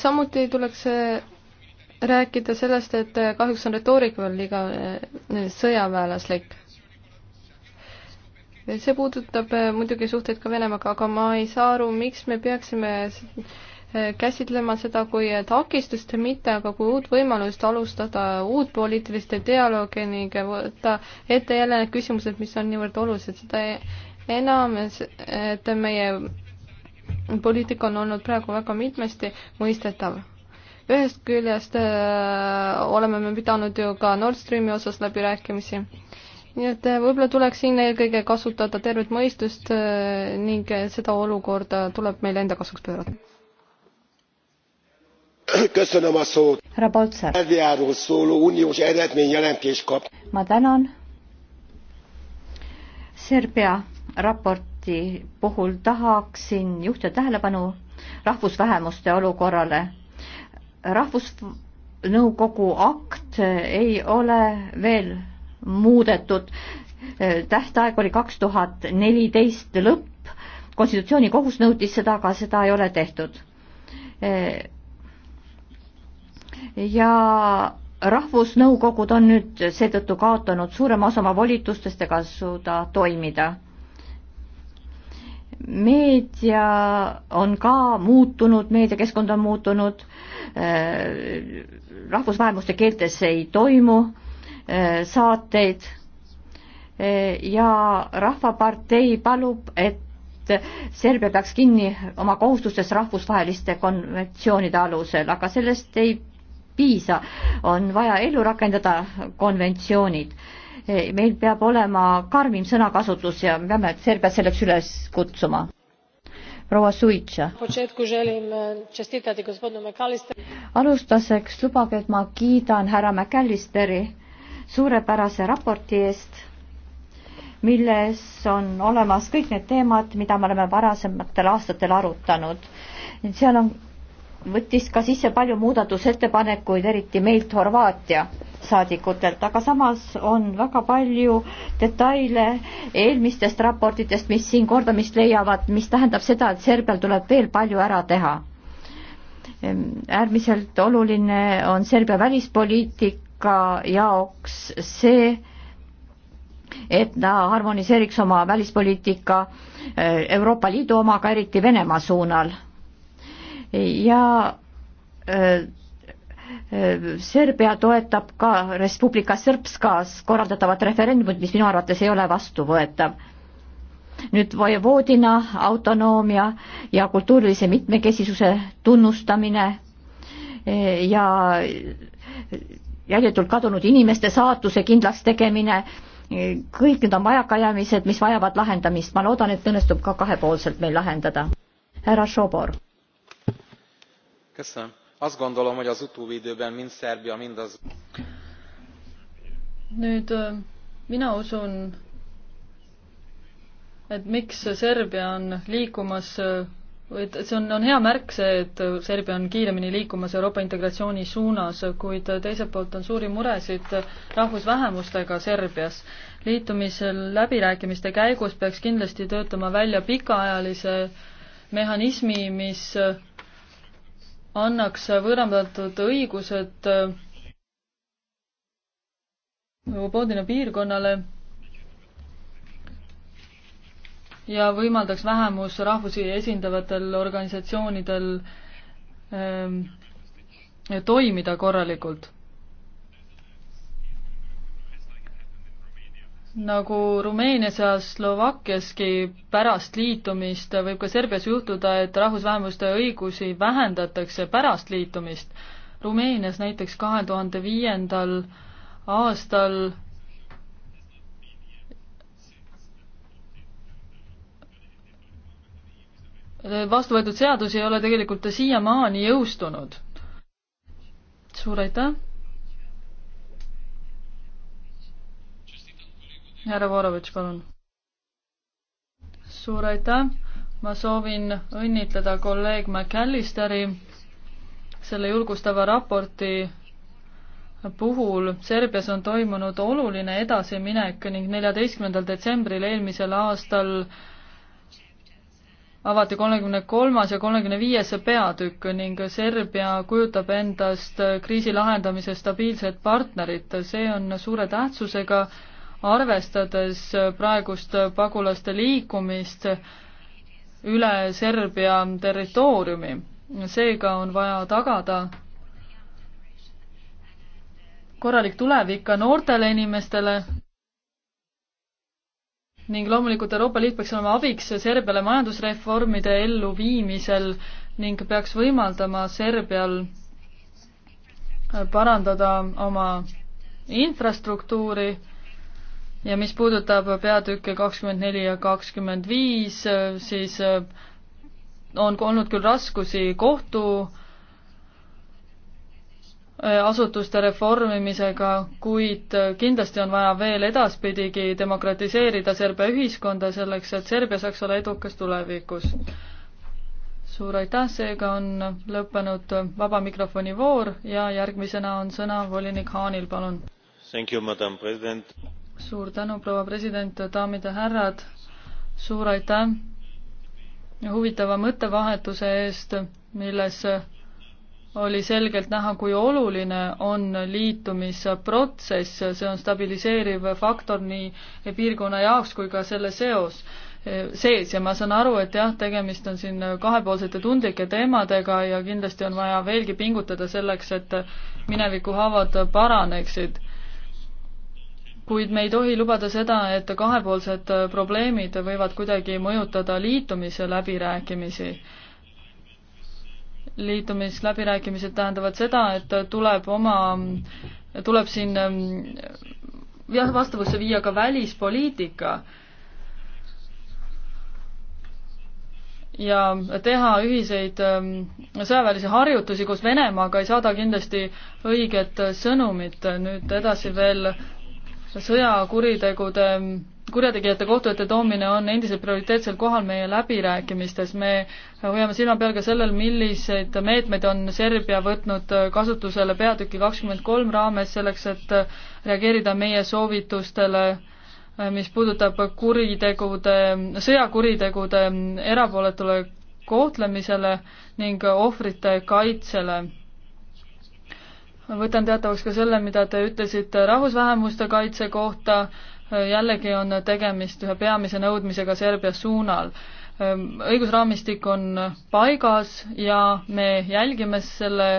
samuti ei tuleks rääkida sellest, et kahjuks on retoorika veel liiga eh, sõjaväelaslik. see puudutab eh, muidugi suhteid ka Venemaaga, aga ma ei saa aru, miks me peaksime eh, käsitlema seda kui takistust ja mitte aga kui uut võimalust alustada uut poliitilist dialoogi ning võtta ette jälle need küsimused, mis on niivõrd olulised, seda enam, et meie poliitika on olnud praegu väga mitmesti mõistetav ühest küljest äh, oleme me pidanud ju ka Nord Streami osas läbirääkimisi. nii et äh, võib-olla tuleks siin eelkõige kasutada tervet mõistust äh, ning seda olukorda tuleb meil enda kasuks pöörata. härra Poltser. ma tänan. Serbia raporti puhul tahaksin juhtida tähelepanu rahvusvähemuste olukorrale rahvusnõukogu akt ei ole veel muudetud. tähtaeg oli kaks tuhat neliteist lõpp, konstitutsioonikohus nõudis seda, aga seda ei ole tehtud. ja rahvusnõukogud on nüüd seetõttu kaotanud suurema osa oma volitustest ega suuda toimida meedia on ka muutunud, meediakeskkond on muutunud, äh, rahvusvähemuste keeltes ei toimu äh, saateid äh, ja Rahvapartei palub, et Serbia peaks kinni oma kohustustes rahvusvaheliste konventsioonide alusel, aga sellest ei piisa, on vaja ellu rakendada konventsioonid Eh, meil peab olema karmim sõnakasutus ja me peame Serbiat selleks üles kutsuma. proua Suitša. Eh, alustuseks lubage, et ma kiidan härra McAllisteri suurepärase raporti eest, milles on olemas kõik need teemad, mida me oleme varasematel aastatel arutanud. seal on, võttis ka sisse palju muudatusettepanekuid, eriti meilt Horvaatia saadikutelt, aga samas on väga palju detaile eelmistest raportitest, mis siin kordamist leiavad, mis tähendab seda, et Serbial tuleb veel palju ära teha. Ehm, äärmiselt oluline on Serbia välispoliitika jaoks see, et ta harmoniseeriks oma välispoliitika eh, Euroopa Liidu omaga, eriti Venemaa suunal. ja öö, eh, Serbia toetab ka Res Publica Srpskas korraldatavat referendumit, mis minu arvates ei ole vastuvõetav. nüüd vojevoodina autonoomia ja kultuurilise mitmekesisuse tunnustamine ja jäljetult kadunud inimeste saatuse kindlaks tegemine, kõik need on vajakajäämised, mis vajavad lahendamist, ma loodan, et õnnestub ka kahepoolselt meil lahendada. härra Šobor. kas sa? azt gondolom hogy az utóbbi időben mind szerbia mind az. nüüd mina usun et miks Serbia on liikumas et see on, on hea märk see, et Serbia on kiiremini liikumas Euroopa integratsiooni suunas, kuid teiselt poolt on suuri muresid rahvusvähemustega Serbias. liitumisel läbirääkimiste käigus peaks kindlasti töötama välja pikaajalise mehhanismi, mis annaks võõrandatud õigused Vobodina äh, piirkonnale ja võimaldaks vähemusrahvusi esindavatel organisatsioonidel ähm, toimida korralikult nagu Rumeenias ja Slovakkiaski pärast liitumist võib ka Serbias juhtuda, et rahvusvähemuste õigusi vähendatakse pärast liitumist. Rumeenias näiteks kahe tuhande viiendal aastal vastu võetud seadus ei ole tegelikult siiamaani jõustunud. suur aitäh! härra Vorovitš, palun. suur aitäh, ma soovin õnnitleda kolleeg McAllisteri selle julgustava raporti puhul Serbias on toimunud oluline edasiminek ning neljateistkümnendal detsembril eelmisel aastal avati kolmekümne kolmas ja kolmekümne viies peatükk ning Serbia kujutab endast kriisi lahendamise stabiilset partnerit. see on suure tähtsusega arvestades praegust pagulaste liikumist üle Serbia territooriumi. seega on vaja tagada korralik tulevik ka noortele inimestele ning loomulikult Euroopa Liit peaks olema abiks Serbiale majandusreformide elluviimisel ning peaks võimaldama Serbial parandada oma infrastruktuuri ja mis puudutab peatükke kakskümmend neli ja kakskümmend viis, siis äh, on olnud küll raskusi kohtu äh, asutuste reformimisega, kuid äh, kindlasti on vaja veel edaspidigi demokratiseerida Serbia ühiskonda selleks, et Serbia saaks olla edukas tulevikus. suur aitäh, seega on lõppenud vaba mikrofoni voor ja järgmisena on sõna volinik Haanil, palun. Thank you, madam president suur tänu, proua president, daamid ja härrad, suur aitäh huvitava mõttevahetuse eest, milles oli selgelt näha, kui oluline on liitumisprotsess, see on stabiliseeriv faktor nii piirkonna jaoks kui ka selle seos sees ja ma saan aru, et jah, tegemist on siin kahepoolsete tundlike teemadega ja kindlasti on vaja veelgi pingutada selleks, et mineviku haavad paraneksid kuid me ei tohi lubada seda, et kahepoolsed äh, probleemid võivad kuidagi mõjutada liitumise läbirääkimisi. liitumisläbirääkimised tähendavad seda, et tuleb oma, tuleb siin ähm, jah, vastavusse viia ka välispoliitika ja teha ühiseid ähm, sõjaväelisi harjutusi, kus Venemaaga ei saada kindlasti õiget sõnumit. nüüd edasi veel sõjakuritegude kurjategijate kohtuette toomine on endiselt prioriteetsel kohal meie läbirääkimistes. me hoiame silma peal ka sellel, milliseid meetmeid on Serbia võtnud kasutusele peatüki kakskümmend kolm raames selleks, et reageerida meie soovitustele, mis puudutab kuritegude, sõjakuritegude erapooletule kohtlemisele ning ohvrite kaitsele võtan teatavaks ka selle, mida te ütlesite rahvusvähemuste kaitse kohta, jällegi on tegemist ühe peamise nõudmisega Serbia suunal. Ehm, õigusraamistik on paigas ja me jälgime selle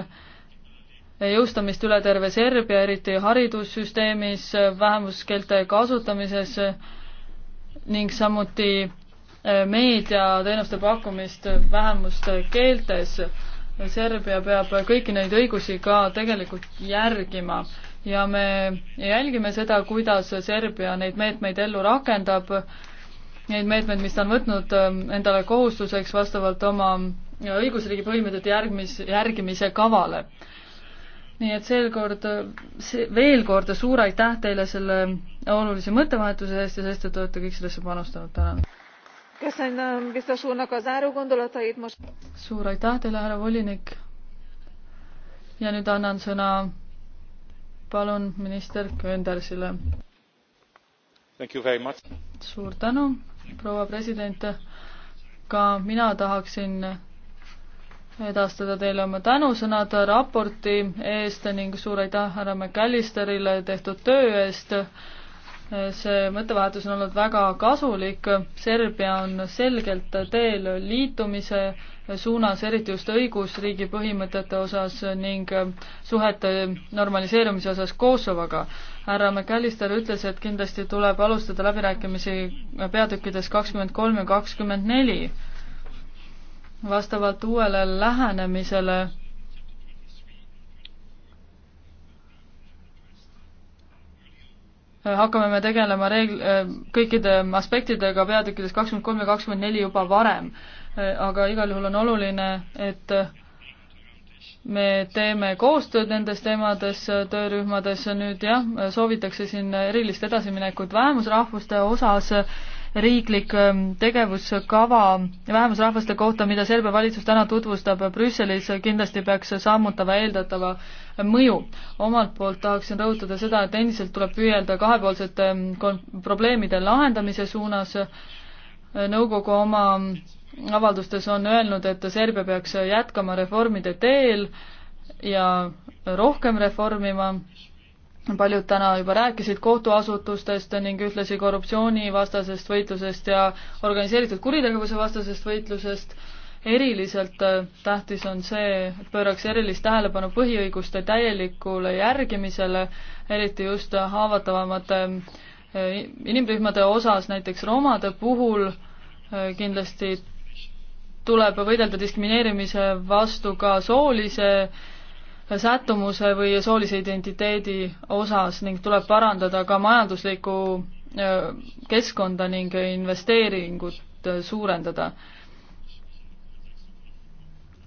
jõustamist üle terve Serbia, eriti haridussüsteemis, vähemuskeelte kasutamises ning samuti ehm, meediateenuste pakkumist vähemuste keeltes Serbia peab kõiki neid õigusi ka tegelikult järgima ja me jälgime seda, kuidas Serbia neid meetmeid ellu rakendab, neid meetmeid, mis ta on võtnud ähm, endale kohustuseks vastavalt oma äh, õigusriigi põhimõtete järgmis, järgimise kavale. nii et seekord, äh, veel kord suur aitäh teile selle olulise mõttevahetuse eest ja sest, et olete kõik sellesse panustanud, tänan! suur aitäh teile, härra volinik. ja nüüd annan sõna, palun, minister Köndersile. suur tänu, proua president. ka mina tahaksin edastada teile oma tänusõnad raporti eest ning suur aitäh härra McAllisterile tehtud töö eest see mõttevahetus on olnud väga kasulik, Serbia on selgelt teel liitumise suunas, eriti just õigusriigi põhimõtete osas ning suhete normaliseerumise osas Kosovoga. härra McAllister ütles, et kindlasti tuleb alustada läbirääkimisi peatükkides kakskümmend kolm ja kakskümmend neli. vastavalt uuele lähenemisele hakkame me tegelema reegl-, äh, kõikide aspektidega peatükkides kakskümmend kolm ja kakskümmend neli juba varem. Äh, aga igal juhul on oluline, et me teeme koostööd nendes teemades, töörühmades, nüüd jah, soovitakse siin erilist edasiminekut vähemusrahvuste osas, riiklik ähm, tegevuskava vähemusrahvaste kohta, mida Serbia valitsus täna tutvustab Brüsselis, kindlasti peaks sammutama eeldatava mõju. omalt poolt tahaksin rõhutada seda, et endiselt tuleb püüelda kahepoolsete ähm, probleemide lahendamise suunas, nõukogu oma avaldustes on öelnud, et Serbia peaks jätkama reformide teel ja rohkem reformima paljud täna juba rääkisid kohtuasutustest ning ühtlasi korruptsioonivastasest võitlusest ja organiseeritud kuritegevuse vastasest võitlusest. eriliselt äh, tähtis on see, et pööraks erilist tähelepanu põhiõiguste täielikule järgimisele, eriti just haavatavamate äh, inimrühmade osas, näiteks romade puhul äh, kindlasti tuleb võidelda diskrimineerimise vastu ka soolise sättumuse või soolise identiteedi osas ning tuleb parandada ka majanduslikku keskkonda ning investeeringut suurendada.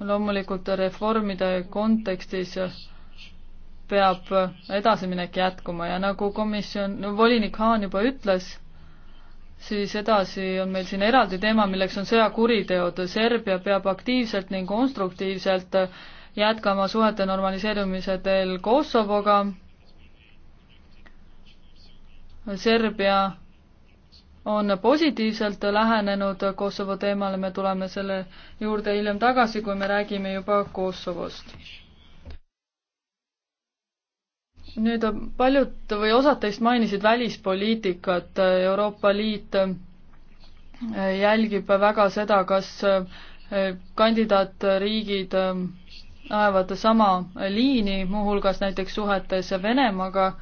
loomulikult reformide kontekstis peab edasiminek jätkuma ja nagu komisjon, volinik Haan juba ütles, siis edasi on meil siin eraldi teema, milleks on sõjakuriteod. Serbia peab aktiivselt ning konstruktiivselt jätkama suhete normaliseerumise teel Kosovoga. Serbia on positiivselt lähenenud Kosovo teemale, me tuleme selle juurde hiljem tagasi, kui me räägime juba Kosovost. nüüd paljud või osad teist mainisid välispoliitikat, Euroopa Liit jälgib väga seda, kas kandidaatriigid ajavad sama liini, muuhulgas näiteks suhetes Venemaaga,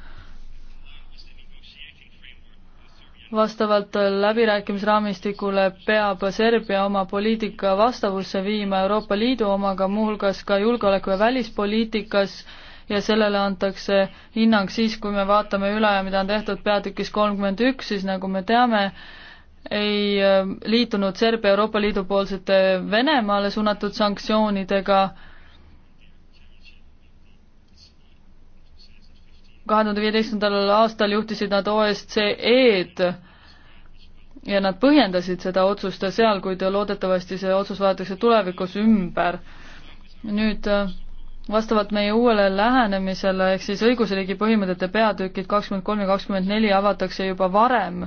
vastavalt läbirääkimisraamistikule peab Serbia oma poliitika vastavusse viima Euroopa Liidu omaga, muuhulgas ka julgeoleku- ja välispoliitikas ja sellele antakse hinnang siis, kui me vaatame üle, mida on tehtud peatükis kolmkümmend üks, siis nagu me teame, ei äh, liitunud Serbia Euroopa Liidu poolsete Venemaale suunatud sanktsioonidega kahe tuhande viieteistkümnendal aastal juhtisid nad OSCE-d ja nad põhjendasid seda otsust seal, kuid loodetavasti see otsus vaadatakse tulevikus ümber. nüüd äh, vastavalt meie uuele lähenemisele, ehk siis õigusriigi põhimõtete peatükid kakskümmend kolm ja kakskümmend neli avatakse juba varem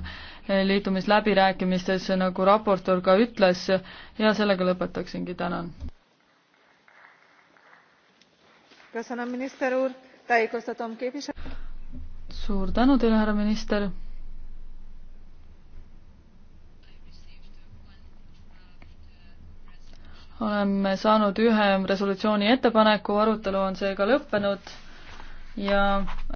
liitumisläbirääkimistes, nagu raportöör ka ütles, ja sellega lõpetaksingi, tänan. kas annab minister Uur? suur tänu teile, härra minister. oleme saanud ühe resolutsiooni ettepaneku, arutelu on seega lõppenud ja